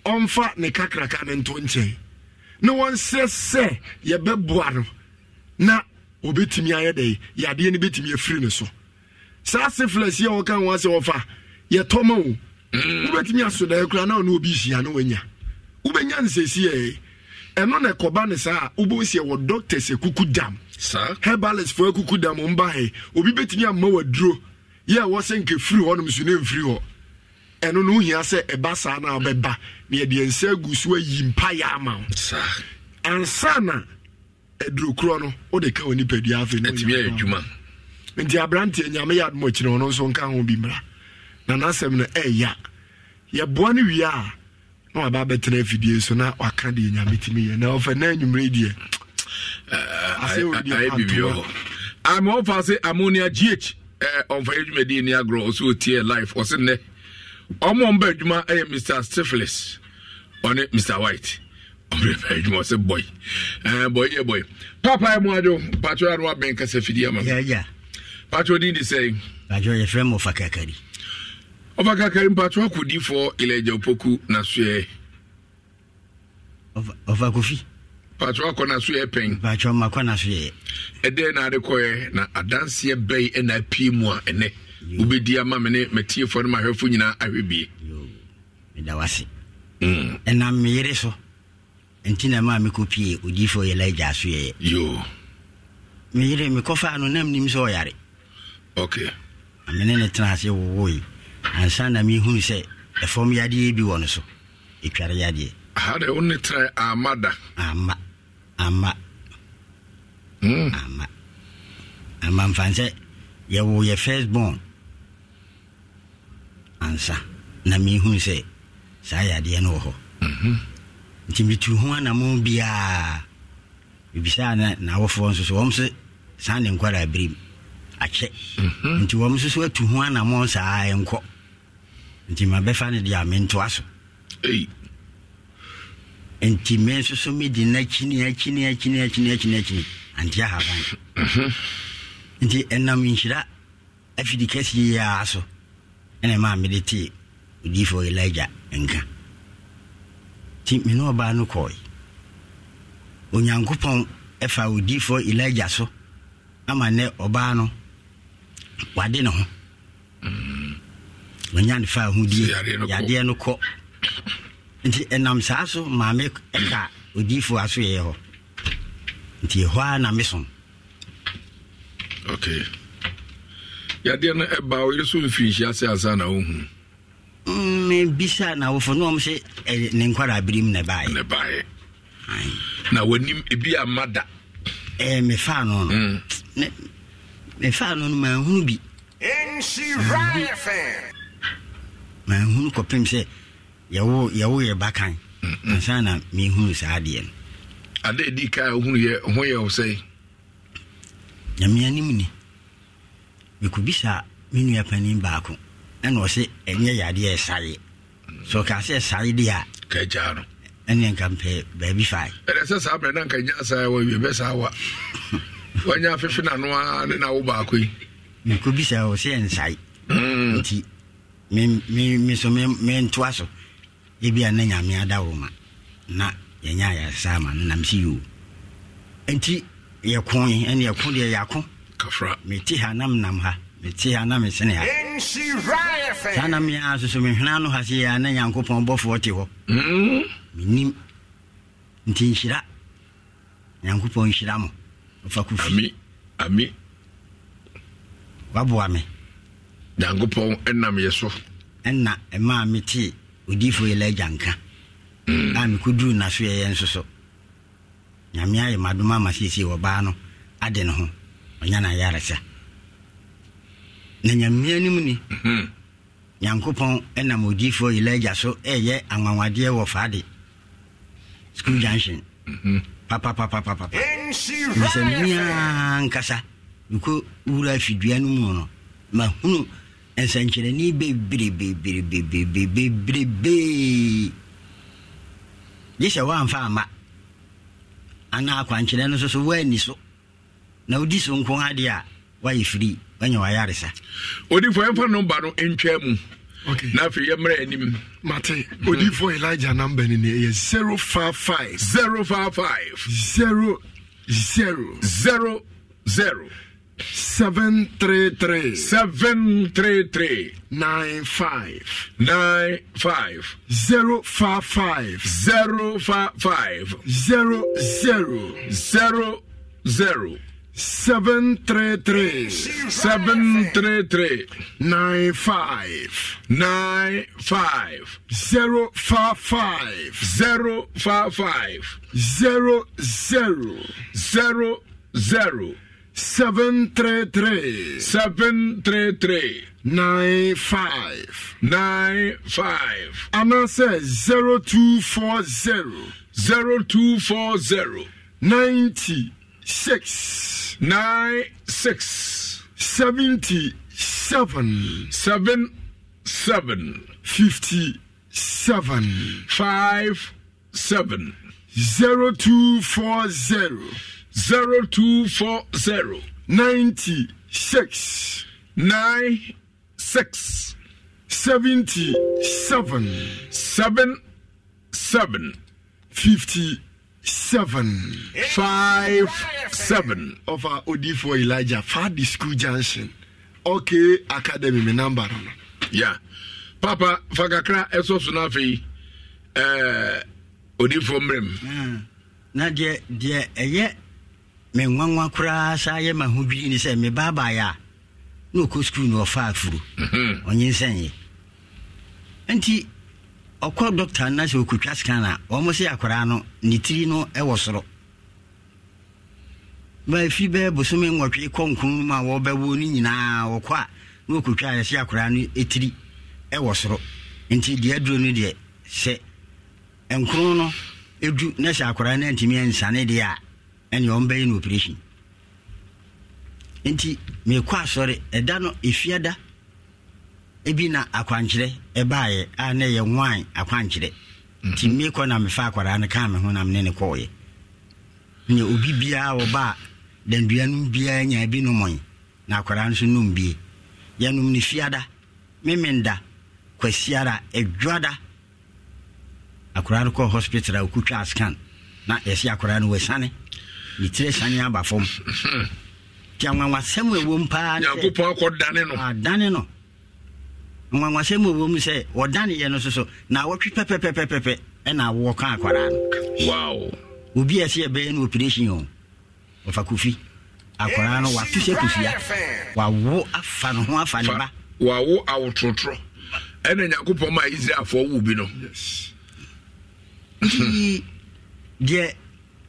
C: ɔmfa ne kakraka ne nto nkyɛn na wɔnsrɛ sɛ yɛbɛboa no na obɛtumi ayɛ dɛ yadeɛ no bɛtumi afiri ne so saa syphilis yɛ wɔka ho asɛ wɔfa yɛtɔma o wobɛtumi asɔ daɛ na ɔne obi hyia na wanya wobɛnya nsɛsi ɛɛ ɛno na ɛkɔba ne saa a wobɛhu sɛ ɛwɔ doctors akuku dam herbalisfoɔ akuku dam mba he obi bɛtumi amma waduro yɛ ɛwɔ sɛ nkɛfiri hɔ nom so ne mfiri hɔ ɛno no wohia sɛ ɛba saa no a wobɛba na yɛde nsa agu so ayi mpayɛ ama wo ansa na adurokorɔ no wode ka wɔ nipadua afei nti aberanteɛ nyame yɛ adomɔ akyirɛ ɔno nso nka ho bi mmara na n'asɛm no ɛɛya yɛboa no wie a na waba abɛtena afidie so na waka deɛ nyame tumi yɛ na ɔfɛ na anwummerɛ deɛ ama ɔfa sɛ ammonia gh eh, ɔmfa yɛ dwumadi ni agorɔ ɔsɛ ɔtie life ɔse nnɛ ɔma ɔmba adwuma ɛyɛ mr syphilis ɔne mr white ɔmrɛbɛ adwuma ɔsɛ boy eh, boy yɛ boy papa mu adwo patro ano abɛn kasa fidie ama patro din de sɛi patro yɛfrɛ mɔfa kakari ɔbakakari mpato akodifoɔ ilagya opoku nasoɛ ɔfa kofi pato akɔ nasoɛ pɛn pato makɔ nasoɛ ɛdɛ na ade kɔɛ na adansi bɛyi ɛna apie mu a ɛnɛ wobɛdi ama me ne matiefoɔ no mahwɛfo nyinaa ahwɛ bie
F: meda wase ɛnam mm. meyere so nti na ma mekɔpie odifoɔ yɛla agya soɛ yo meyere mekɔfaa no nam nim sɛ ɔyare okay amene ne tena ase wowoe ansa na mehunu sɛ ɛfam yadeɛ bi wɔ no so ɛtware yadeɛ
C: hade wo ne trɛ ama da
F: ama ama hmm. ama ama mfan sɛ yɛwo yɛ first born ansa na mehunu sɛ saa yadeɛ no wɔ hɔ mhm. nti metu ho anamo biaa bibisaa na nawɔfoɔ nso so wɔm sɛ saa ne nkwaraa berɛ akyɛ mhm. nti wɔn nso so atu ho anammɔ saa nkɔ nti mabɛfa no deɛ amentoa so nti me nso so medi n'akyini akyini akyini akyini akyini akyini ante ahaban mhm. nti ɛnam nhyira afidi kɛseɛ yiaa so ɛna ɛma mede tee odiifo elija nka nti me ne ɔbaa no kɔe onyankopɔn ɛfa odiifo elija so ama nɛ ɔbaa no wade ne ho ɔnya ne fa ahodie yadeɛ no kɔ nti ɛnam saa so maame ɛka odiifo aso yɛɛ hɔ nti ɛhɔ a na mesom okay
C: yadeɛ no ɛba wo yere
F: so mfirinhyia sɛ asa na wohu mm, mebisa na wofo ne ɔm sɛ eh, ne nkwara abirim na ɛbaeɛ ne baeɛ
C: na wanim ebi ama da
F: ɛɛ eh, mefa no no mm. ɛfa no no maahunu bi maahunu kɔpem sɛ yɛwo yɛ ba kan ansa na mehunu saa adeɛ no ade di ka wohunu yɛ ho yɛ wo sɛe nyameanim ni mekɔbisa me nua panin baako ɛna ɔse ɛnyɛ yadeɛ ɛsaeɛ sɛ ɔka sɛ ɛsae deɛ a kagyaa no ɛne nka mpɛ baabi fae
C: ɛdɛ sɛ saa berɛ na nka nya asaeɛ wɔ wiebɛ saa wa
F: wanya afefe na noa ne na wo baako yi mekɔ bi sɛ wo sɛ nsae mm. nti me so mentoa so Ebi ana nyame ada wo ma na yɛnyɛ ayɛsaa ma no nam sɛ yio nti yɛkoe ɛne yɛko deɛ yɛako mete ha na menam ha mete ha na mesene ha
G: saa
F: na meaa so so mehwena no ha sɛ yɛa na nyankopɔn bɔfoɔ te hɔ mm. menim nti nhyira nyankopɔn nhyira mo fa ko fi ami waboa me nyankopɔn ɛnam yɛ so ɛna ɛmaa metee odiifo yɛ la agyanka mm. a mekoduru na so yɛyɛ nso so nyame ayɛ madoma ama siesie wɔbaa no ade ne ho ɔnya no ayɛ aresa na nyame anim ni mhm. nyankopɔn ɛnam odiifo yɛ la agya so ɛyɛ anwanwadeɛ wɔ faade school junction mm -hmm papapapapapasɛ mia nkasa mekɔ wura afidua no mu no mahunu nsɛnkyerɛnne bebrebebebebebebrebe gye sɛ woamfa ama anaa akwankyerɛ no nso so woani so na wodi so nko adeɛ a woayɛ firi woanya wayaresa odifo
C: ɛmfa no ba no ntwa mu na afei yɛmmerɛ anim mate odiifo elija number no ne ɛyɛ 055 055 0 0 0 0 733 733 95 95 055 055 00 0 0 733 733 95 95 055 055 six nine six seventy seven seven seven fifty seven five seven zero two four zero zero two four zero ninety six nine six seventy seven seven seven fifty seven five seven of our OD4 Elijah Fadi School Junction. Okay, academy me number. Yeah. Papa, Fagakra, Eso Sunafi, uh, eh,
F: OD4 Mrem. Hmm. Na deɛ deɛ ɛyɛ me nwanwa koraa saa yɛ ma ho dwi ni sɛ me baabaayɛ a na ɔkɔ sukuu na ɔfa afuru ɔnye mhm. nsɛn yɛ nti ɔkɔ dɔkta na sɛ ɔkɔtwa scan a ɔmo sɛ akwaraa no ne tiri no ɛwɔ soro baafi bɛɛ bosome nwɔtwe kɔ nkum mu a wɔbɛwo no nyinaa wɔkɔ a na wɔkɔtwa a sɛ akwaraa no tiri ɛwɔ soro nti deɛ aduro no deɛ sɛ nkron no ɛdu na sɛ akwaraa no antumi ansane deɛ a ɛne ɔm bɛyɛ no operation nti mekɔ asɔre ɛda no ɛfiada ebi na akwankyerɛ ɛbaeɛ a na ɛyɛ wan akwankyerɛ nti mhm. mmekɔ na mefa akwaraa no kaa me ho na mene ne kɔɔyɛ ne obi biara wɔba a dandua no biara nya bi nomɔe na akwaraa no so nom bie yɛnom ne fiada memenda kwasiara adwada akwaraa no kɔɔ hospital a ɔkutwaa scan na yɛse akwaraa no wɔasiane ne tire sane aba fam nti anwanwasɛm ɛwɔ m paa nyankopɔn akɔdane no adane no nwanwasɛ mu wɔ mu sɛ wɔdaneyɛ no soso na wɔtwe pɛpɛpɛpɛpɛ ɛna awoɔ ka akwaraa no wow obi ɛsɛ yɛbɛyɛ no operation o ɔfa kofi akwaraa no wato sɛ kofia wawo afa no ho afa ne ba wawo awotorotorɔ ɛna nyankopɔn ma israelfoɔ wo bi no nti deɛ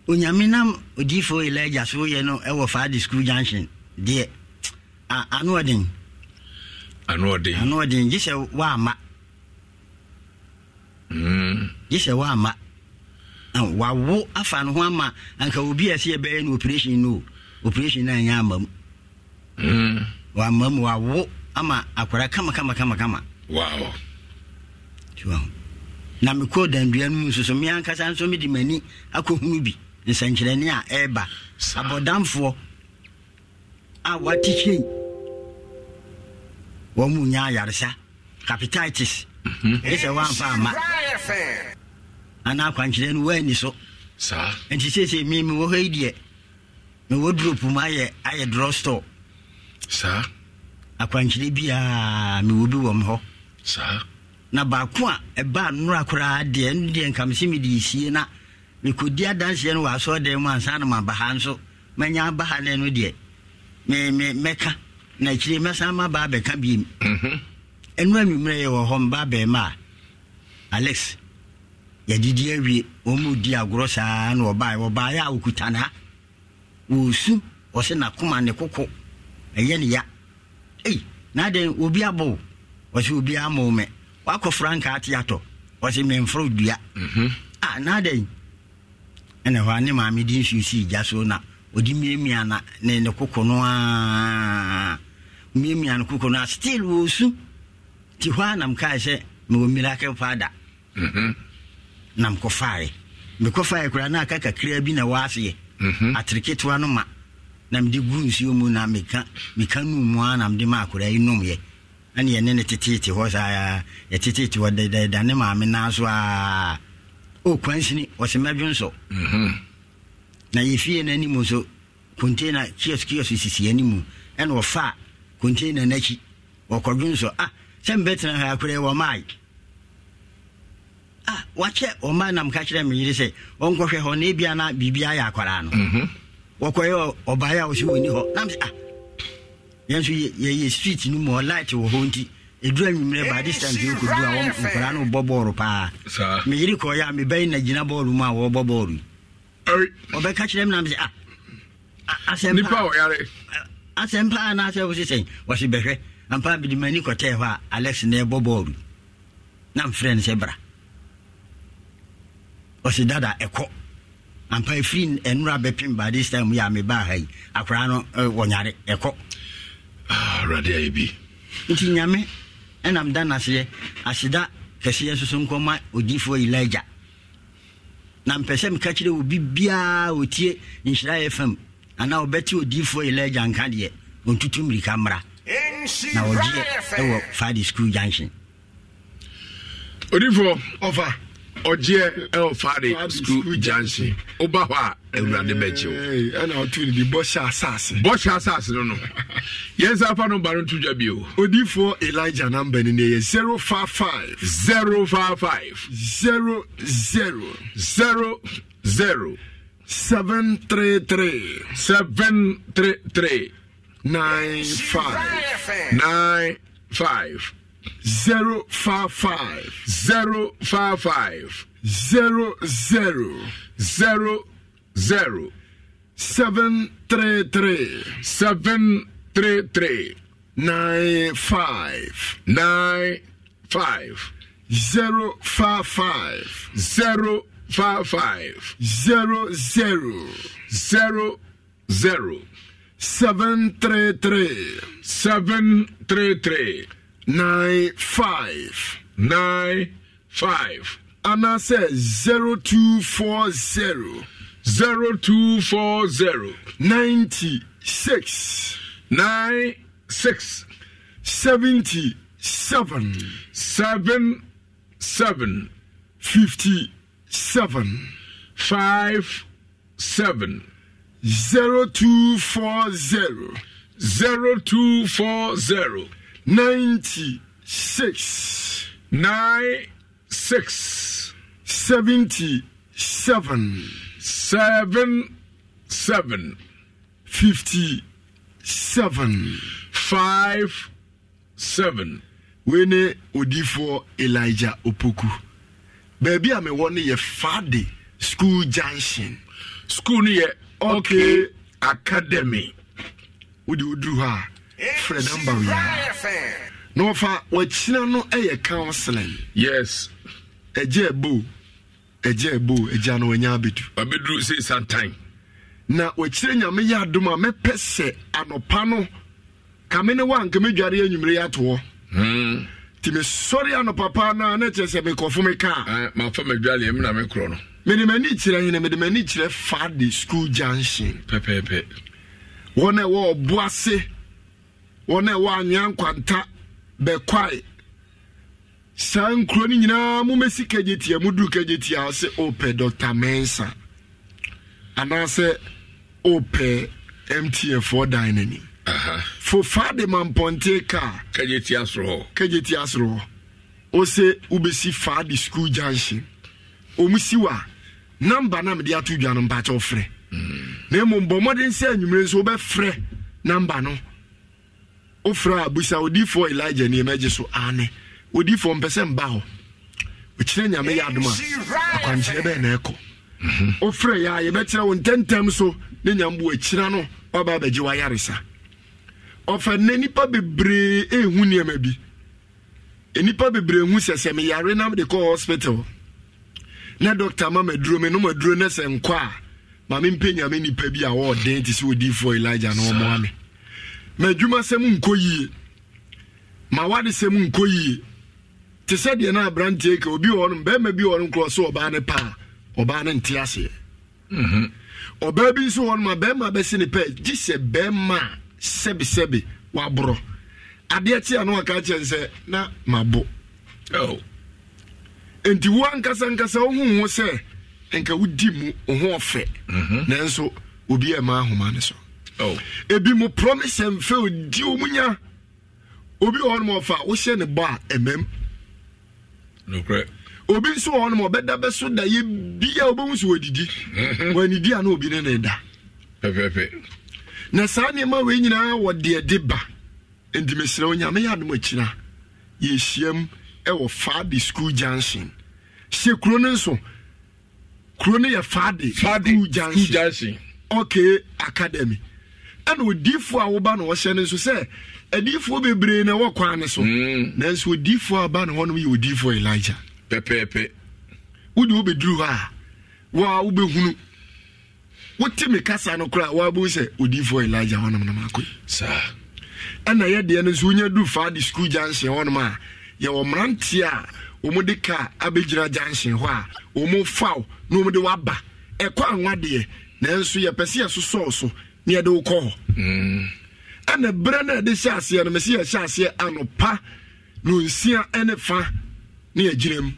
F: onyame nam odiyifoɔ elija so yɛ no ɛwɔ faade school junction deɛ ano ɔden anoɔden anoɔden gye sɛ waama hmm. gye sɛ waama wawo afa no ho ama anka obi a ɛsɛ yɛbɛyɛ no operation no operation no anyɛ ama mu hmm. wama mu wawo ama akwara kama kama kama kama wow na mekɔɔ dandua no mu nso so me ankasa nso mede m'ani akɔhunu bi nsɛnkyerɛnne a ɛɛba abɔdamfoɔ a watekyei wɔn mu nya ayaresa capititis ɛsɛ mm-hmm. wɔamfa ama anaa akwankyerɛ no wɔani so nti seesei me mewɔ hɔ yi deɛ mewɔ drop mu ayɛ ayɛ draw store saa akwankyerɛ biaa mewɔ bi wɔ m hɔ saa na baako a ɛbaa nnora koraa deɛ no deɛ nkamse mede sie na mekɔdi adanseɛ no wɔ asɔɔdan mu ansa na maba ha nso manya aba ha no no deɛ mɛka me, me, na akyire mɛsan ma baa bɛka biem mhm. ɛno anwummerɛ yɛwɔ hɔ mbaa bɛɛma a alex yɛdidi awie wɔn mu di agorɔ saa na ɔbaa ɔbaa yɛ a okuta na wɔsu ɔsɛ n'akoma ne koko ɛyɛ ne ya ei n'adɛn obi abɔ o ɔsɛ obi ama o mɛ wakɔ frankaa te atɔ ɔsɛ mɛmfrɛ dua mhm. a n'adɛn ɛna hɔ ne maame di nsuo si gya so na ɔde miamia na ne ne koko no aa. miamia no koko na still wɔ su nti hɔ a nam sɛ mewɔ miracle father mm-hmm. na mekɔfaeɛ mekɔfaeɛ koraa na aka kakraa bi na wɔaseɛ mm-hmm. atereketewa no ma na mede gu nsuo mu na meka meka no mu a na mede ma akwadaa yi nomyɛ ɛne yɛne ne teteete hɔ saa yɛteteete hɔ dadaada ne maame naa so a ɔkwansini ɔse mɛdwen so na yɛfie no anim so container kiosk kios sisi animu ɛna ɔfa a container n'akyi ɔkɔdwon so ah sɛ mbɛtena ha akorɛ wɔmae ah wakyɛ ɔma nam ka kyerɛ meyere sɛ ɔnkɔhwɛ hɔ na ebia na biribi ayɛ akwaraa no mhm. wɔkɔyɛ ɔbaeɛ a wo sɛ wɔni hɔ nam sɛ ah yɛnso yɛyɛ street no mu light wɔ hɔ nti ɛduru anwummerɛ ba this time sɛ yɛkɔdu a nkwaraa no bɔ bɔɔlo paa meyere kɔɔyɛ a mebɛyi na gyina bɔɔlo mu a wɔbɔ bɔɔlo yi ɔbɛka kyerɛ nam sɛ ah asɛmpa asɛm paa na asɛ wo se sɛn wɔse bɛhwɛ ampa bide m'ani kɔtɛɛ hɔ a alex na ɛbɔ bɔɔlu na mfrɛ no sɛ bra ɔse dada ɛkɔ ampa ɛfiri ɛnora bɛpem ba this time yɛ a mebaa ha yi akoraa no wɔnyare ɛkɔ ah, awurade ayɛ bi nti nyame ɛnam da naseɛ aseda kɛseɛ soso nkɔma odifoɔ elija na mpɛ sɛ meka kyerɛ obi biaa ɔtie nhyira yɛ fam anaa ɔbɛte odiifoɔ elija nka deɛ ɔntutu mmirika mmra
G: na ɔgyeɛ ɛwɔ
F: friday school junction odiifoɔ ɔfa ɔgyeɛ
C: ɛwɔ friday school junction woba hɔ a awurade bɛkyi wo ɛna ɔto ne de bɔhyɛ asase bɔhyɛ asase no no yɛnsa fa no ba no to dwa bio odiifoɔ elija namba no ne yɛ five zero zero zero zero. seven three three seven three three nine five nine five zero five five zero five five zero zero zero zero seven three three seven three three nine five nine five zero five five zero five five zero zero zero zero seven three three seven three three nine five nine five and I say zero two four zero zero two four zero ninety six nine six seventy seven seven seven fifty seven five seven zero two four zero zero two four zero ninety six nine six seventy seven seven seven fifty seven five seven wene odifoɔ elijah opoku baabi a mewɔ no yɛ fade school junction school no yɛ ok academy wode woduru hɔ a frɛ namba wiaa na wɔfa wakyina no yɛ counseling yes agya ɛbo agya ɛbo agya no wanya abɛdu abɛduru sei santan na wakyirɛ nyame yɛ adom a mɛpɛ sɛ anɔpa no kame ne woa anka mɛdware anwummere yɛ atoɔ hmm nti mesɔre anɔpa paa na na kyerɛ sɛ mekɔfo me kaa mafa madwaleɛ mna me korɔ no mede m'ani kyerɛ hene mede m'ani kyerɛ fa de school junction pɛpɛɛpɛ wɔn a ɛwɔ ɔbo ase wɔn a ɛwɔ anwea nkwanta bɛkwae saa nkuro no nyinaa momɛsi kagye tia mudu kagye tia sɛ wopɛ dɔkta mensa anaasɛ wopɛ mtf dan no fofa de ma mpɔnte kaa kagye ti asoro hɔ kagye ti asoro wobɛsi faa de school junction ɔmu si wa namba na mede ato dwa no mpakyɛ frɛ hmm. na mmom bɔ mmɔden sɛ anwummerɛ nso wobɛfrɛ namba no wofrɛ a busa odiifoɔ elija nneɛma gye so ane odiifoɔ mpɛ sɛ mba hɔ ɔkyerɛ nyame yɛ adom a akwankyerɛ bɛɛ na ɛkɔ wofrɛ mhm. yɛ a yɛbɛkyerɛ wo ntɛntɛm so ne nyambo akyira no waba abɛgye wayaresa ɔfa na nipa bebree ehu nneɛma bi nipa bebree hu sɛ sɛ meyare nam de kɔɔ hospital na doctor ma ma duro me no ma duro ne sɛ nkɔ a maame mpanyame nipa bi a wɔɔden te sɛ odiifoɔ elija na ɔmoa me ma adwuma sɛm nkɔ yie ma wade sɛm nkɔ yie te sɛ deɛ no aberanteɛ ka obi wɔ no bɛrima bi wɔ no nkorɔ sɛ ɔbaa ne paa ɔbaa ne nte aseɛ mhm. ɔbaa bi nso wɔ no ma bɛrima bɛsi ne pɛ gye sɛ bɛrima a sɛbisɛbi waborɔ adeɛ kyi a na waka kyɛn sɛ na mabo oh. nti wo ankasa ankasa wohu wo sɛ nka wodi mu wo ho ɔfɛ mhm. nanso obi a ma ahoma ne so oh. ebi mu promise mfe odi wo mu nya obi wɔ hɔnom ɔfa wohyɛ ne bɔ a ɛmam obi nso wɔ hɔnom ɔbɛda bɛso da yɛ bia wobɛhu sɛ wɔadidi mhm. wɔanidi a na obi ne ne da pɛpɛpɛ na saa nneɛma wei nyinaa wɔde ade ba nti mesrɛ wo nyame yɛ adom akyira yɛhyiam ɛwɔ faade school junction hyɛ kuro no nso kuro no yɛ faade school junction okay academy ɛna odiifoɔ a woba na wɔhyɛ no nso sɛ adiifoɔ bebree na ɛwɔ kwan no so mm. nanso odiifoɔ a ba na hɔnom yɛ odiifoɔ elijah pɛpɛɛpɛ wode wobɛduru hɔ a woa wobɛhunu wote me kasa no koraa wabu sɛ odiifoɔ elija hɔnom no maakɔ saa ɛna yɛdeɛ no nso wonya du faa de skul junction hɔnom a yɛwɔ mmeranteɛ a wɔmde ka abɛgyina junction hɔ a wɔmfaw na wɔmde waba ɛkɔ anwadeɛ nanso yɛpɛ sɛ yɛsosɔɔ so na yɛde wokɔ hɔ mm. ɛna berɛ no ɛde hyɛ aseɛ no mesɛ yɛhyɛ aseɛ anopa nonsia ne fa na yɛgyina mu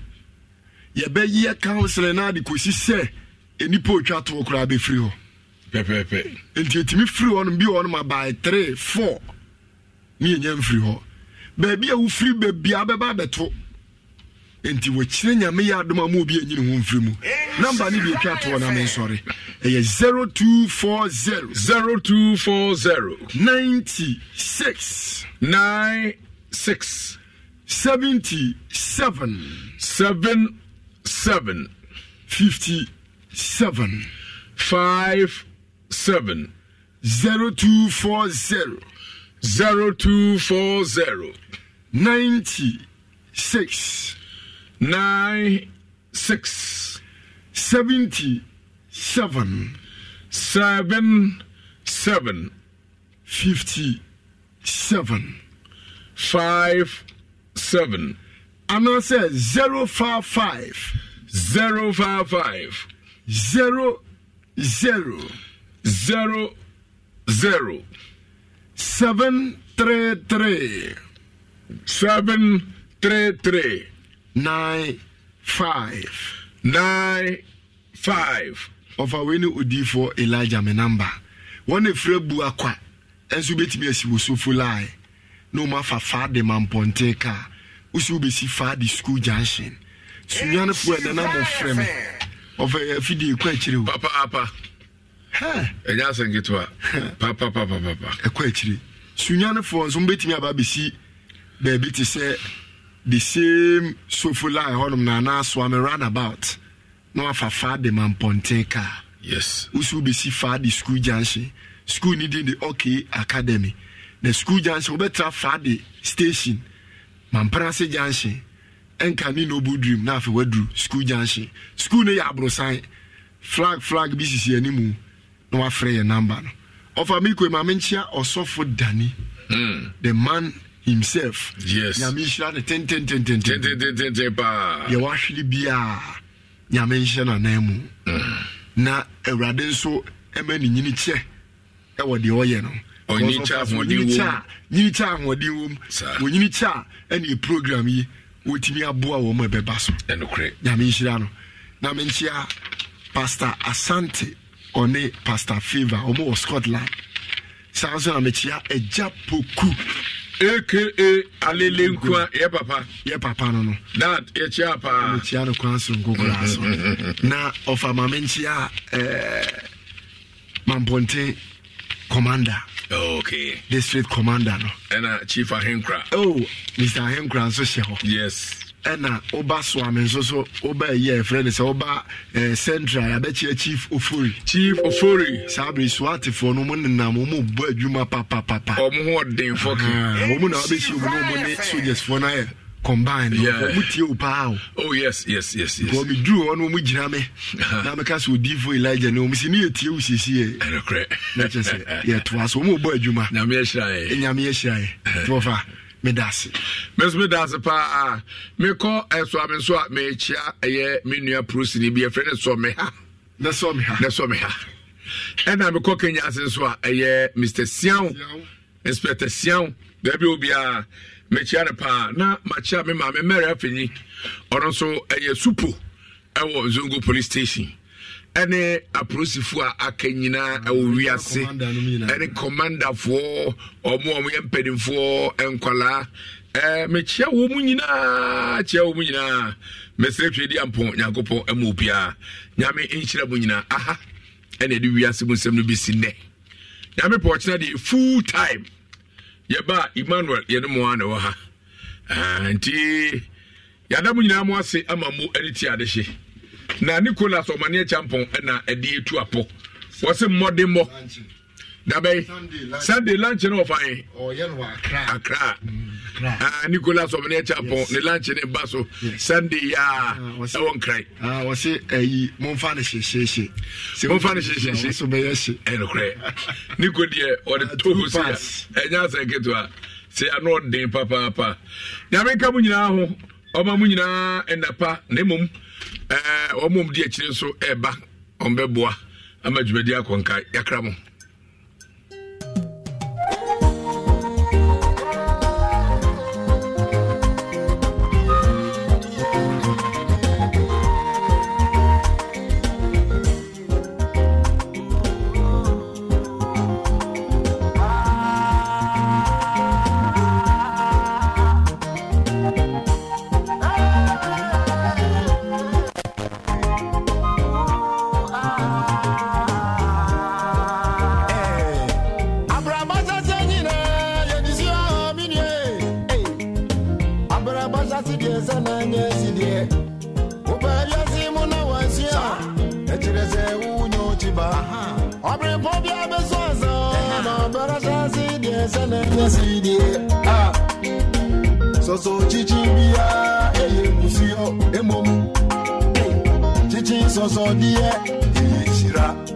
C: yɛbɛyɛ counseling no ade kɔsi sɛ nipa otwa toɔ koraa bɛfiri hɔ pɛpɛpɛ nti etumi firi hɔ no bi wɔ no ma three four ne yɛnya mfiri hɔ baabi a wofiri baabia bɛba abɛto nti wɔkyerɛ nyame yɛ adom a ma obi anyini ho mfiri mu namba ne bi atwa toɔ na mensɔre ɛyɛ 0240 0240 96 96 77 77 57 seven five seven zero two four zero zero two four zero ninety six nine six seventy seven seven seven fifty seven five seven. And I said zero five five zero five five zero zero zero zero seven three three seven three three nine five nine five. ɔfa wei ne odiifoɔ elijah me namba wɔn efirɛ bu akwa nso betumi asi wosofo line na wɔn afa faade mampɔnten kaa wosi wobɛsi faade school junction sunyanifoɔ ɛnana mo frɛ me ɔfɛ fidie kɔ akyire o. papa apa. ɛnyɛ asɛ nketewa papa papa papa. ɛkɔ akyire sunyanefoɔ nso mbɛtumi aba abɛsi baabi te sɛ the same sofo line hɔnom na anaa swami roundabout na wafa faa de ma mpɔnten kaa. yes. wosu bɛsi faa de school junction school ni din de ok academy na school junction wobɛtra faa de station mamparase junction nkane noble dream na afei waduru school junction school no yɛ aborosan flag flag bi sisi anim na wafrɛ yɛ number no ɔfa mi koe maame nkyia ɔsɔfo dani hmm. the man himself yes nyame nhyira no tententententententen paa yɛ wahwere biaa nyame nhyɛ nanan mu hmm. na awurade nso ɛma ne nyini kyɛ ɛwɔ deɛ ɔyɛ no ɔnyini kyɛ ahoɔden wɔ mu onyini kyɛ a program yi wɔtumi aboa wɔ mu ɛbɛba so nyame no na menkyia pastor asante ɔne pastor favor ɔmo wɔ scotland saa nso na mekyia agya poku aka alele nkua yɛ papa yɛ papa no no dad yɛkyia paa mekyia no kwan so nkokoraa so na ɔfa ma menkyia eh, mampɔnten commander okay district commander no ɛna chief ahenkra oh mr ahenkra nso hyɛ hɔ yes ɛna woba so ame nso so woba ɛyi a ɛfrɛ no sɛ woba eh, central yɛabɛkyia chief ofori chief ofori saa bere soatefoɔ no mu nenam ɔmu bɔ adwuma papapapa ɔmo ho ɔdenfɔ ke ɔmu na wabɛhyia ɔmu ne ɔmu ne sogyasfoɔ no ayɛ combine mutie oh yes yes yes yes. bɔn we drew hɔ we mo gyina mi na mi ka so odifo elijah We see mi si ni etie o I yɛ. ɛnɛkorɛ na kyerɛ sɛ yɛ to aso mo bɔ adwuma. nyame ɛhyira yɛ. nyame ɛhyira yɛ tɔfa mi da ase. mi nso mi da ase paa mi kɔ ɛso a ye nso a mi ni ɛyɛ mi nua bi efirɛ ne sɔ mi ha. ne sɔ mi ha. ne sɔ mi ha Ena me kɔ kenya ase a ye mr siaw inspector siaw baabi obiara mekyia no paa na makyia me maame mary afenyi ɔno nso ɛyɛ supo ɛwɔ zongo police station ɛne apolisifoɔ a aka nyinaa ɛwɔ wiase ɛne commandafoɔ ɔmo ɔmo yɛ mpanimfoɔ nkwalaa ɛɛ mekyia wɔn mu nyinaa kyia wɔn mu nyinaa mesere twe di ampɔn nyankopɔn ɛmo obiara nyame nhyira mu nyinaa aha ɛna ɛde wiase mu nsɛm no bi si nnɛ nyame pɔnkye na de full time yɛba emmanuel yɛne mmoa ne wɔ ha ah, nti yɛada mo nyinaa mo ase ama mo ani ti ade na nicolas ɔmaneɛ champɔn ɛna ɛde ɛtu apɔ wɔ se mmɔdemmɔ dabe sunday lunch no ɔfa yɛn ɔyɛ akra akra ah nicolas ɔbɛnɛ chapon ni lunch ni ba so sunday ya ɛwɔ nkran ah wɔsi ɛyi mɔnfa ne hyehyehye mɔnfa ne hyehyehye so bɛyɛ hye ɛnukurɛ nico deɛ ɔde to si a ɛnya asɛ ketewa sɛ ano ɔden papaapa nyame nka mu nyinaa ho ɔma mu nyinaa ɛnapa na mmom ɛɛ wɔn di akyire nso ɛɛba ɔmbɛboa ama dwumadi akɔnka yakra mo. soso chichi bia eye musio emom chichi
F: soso die eye shira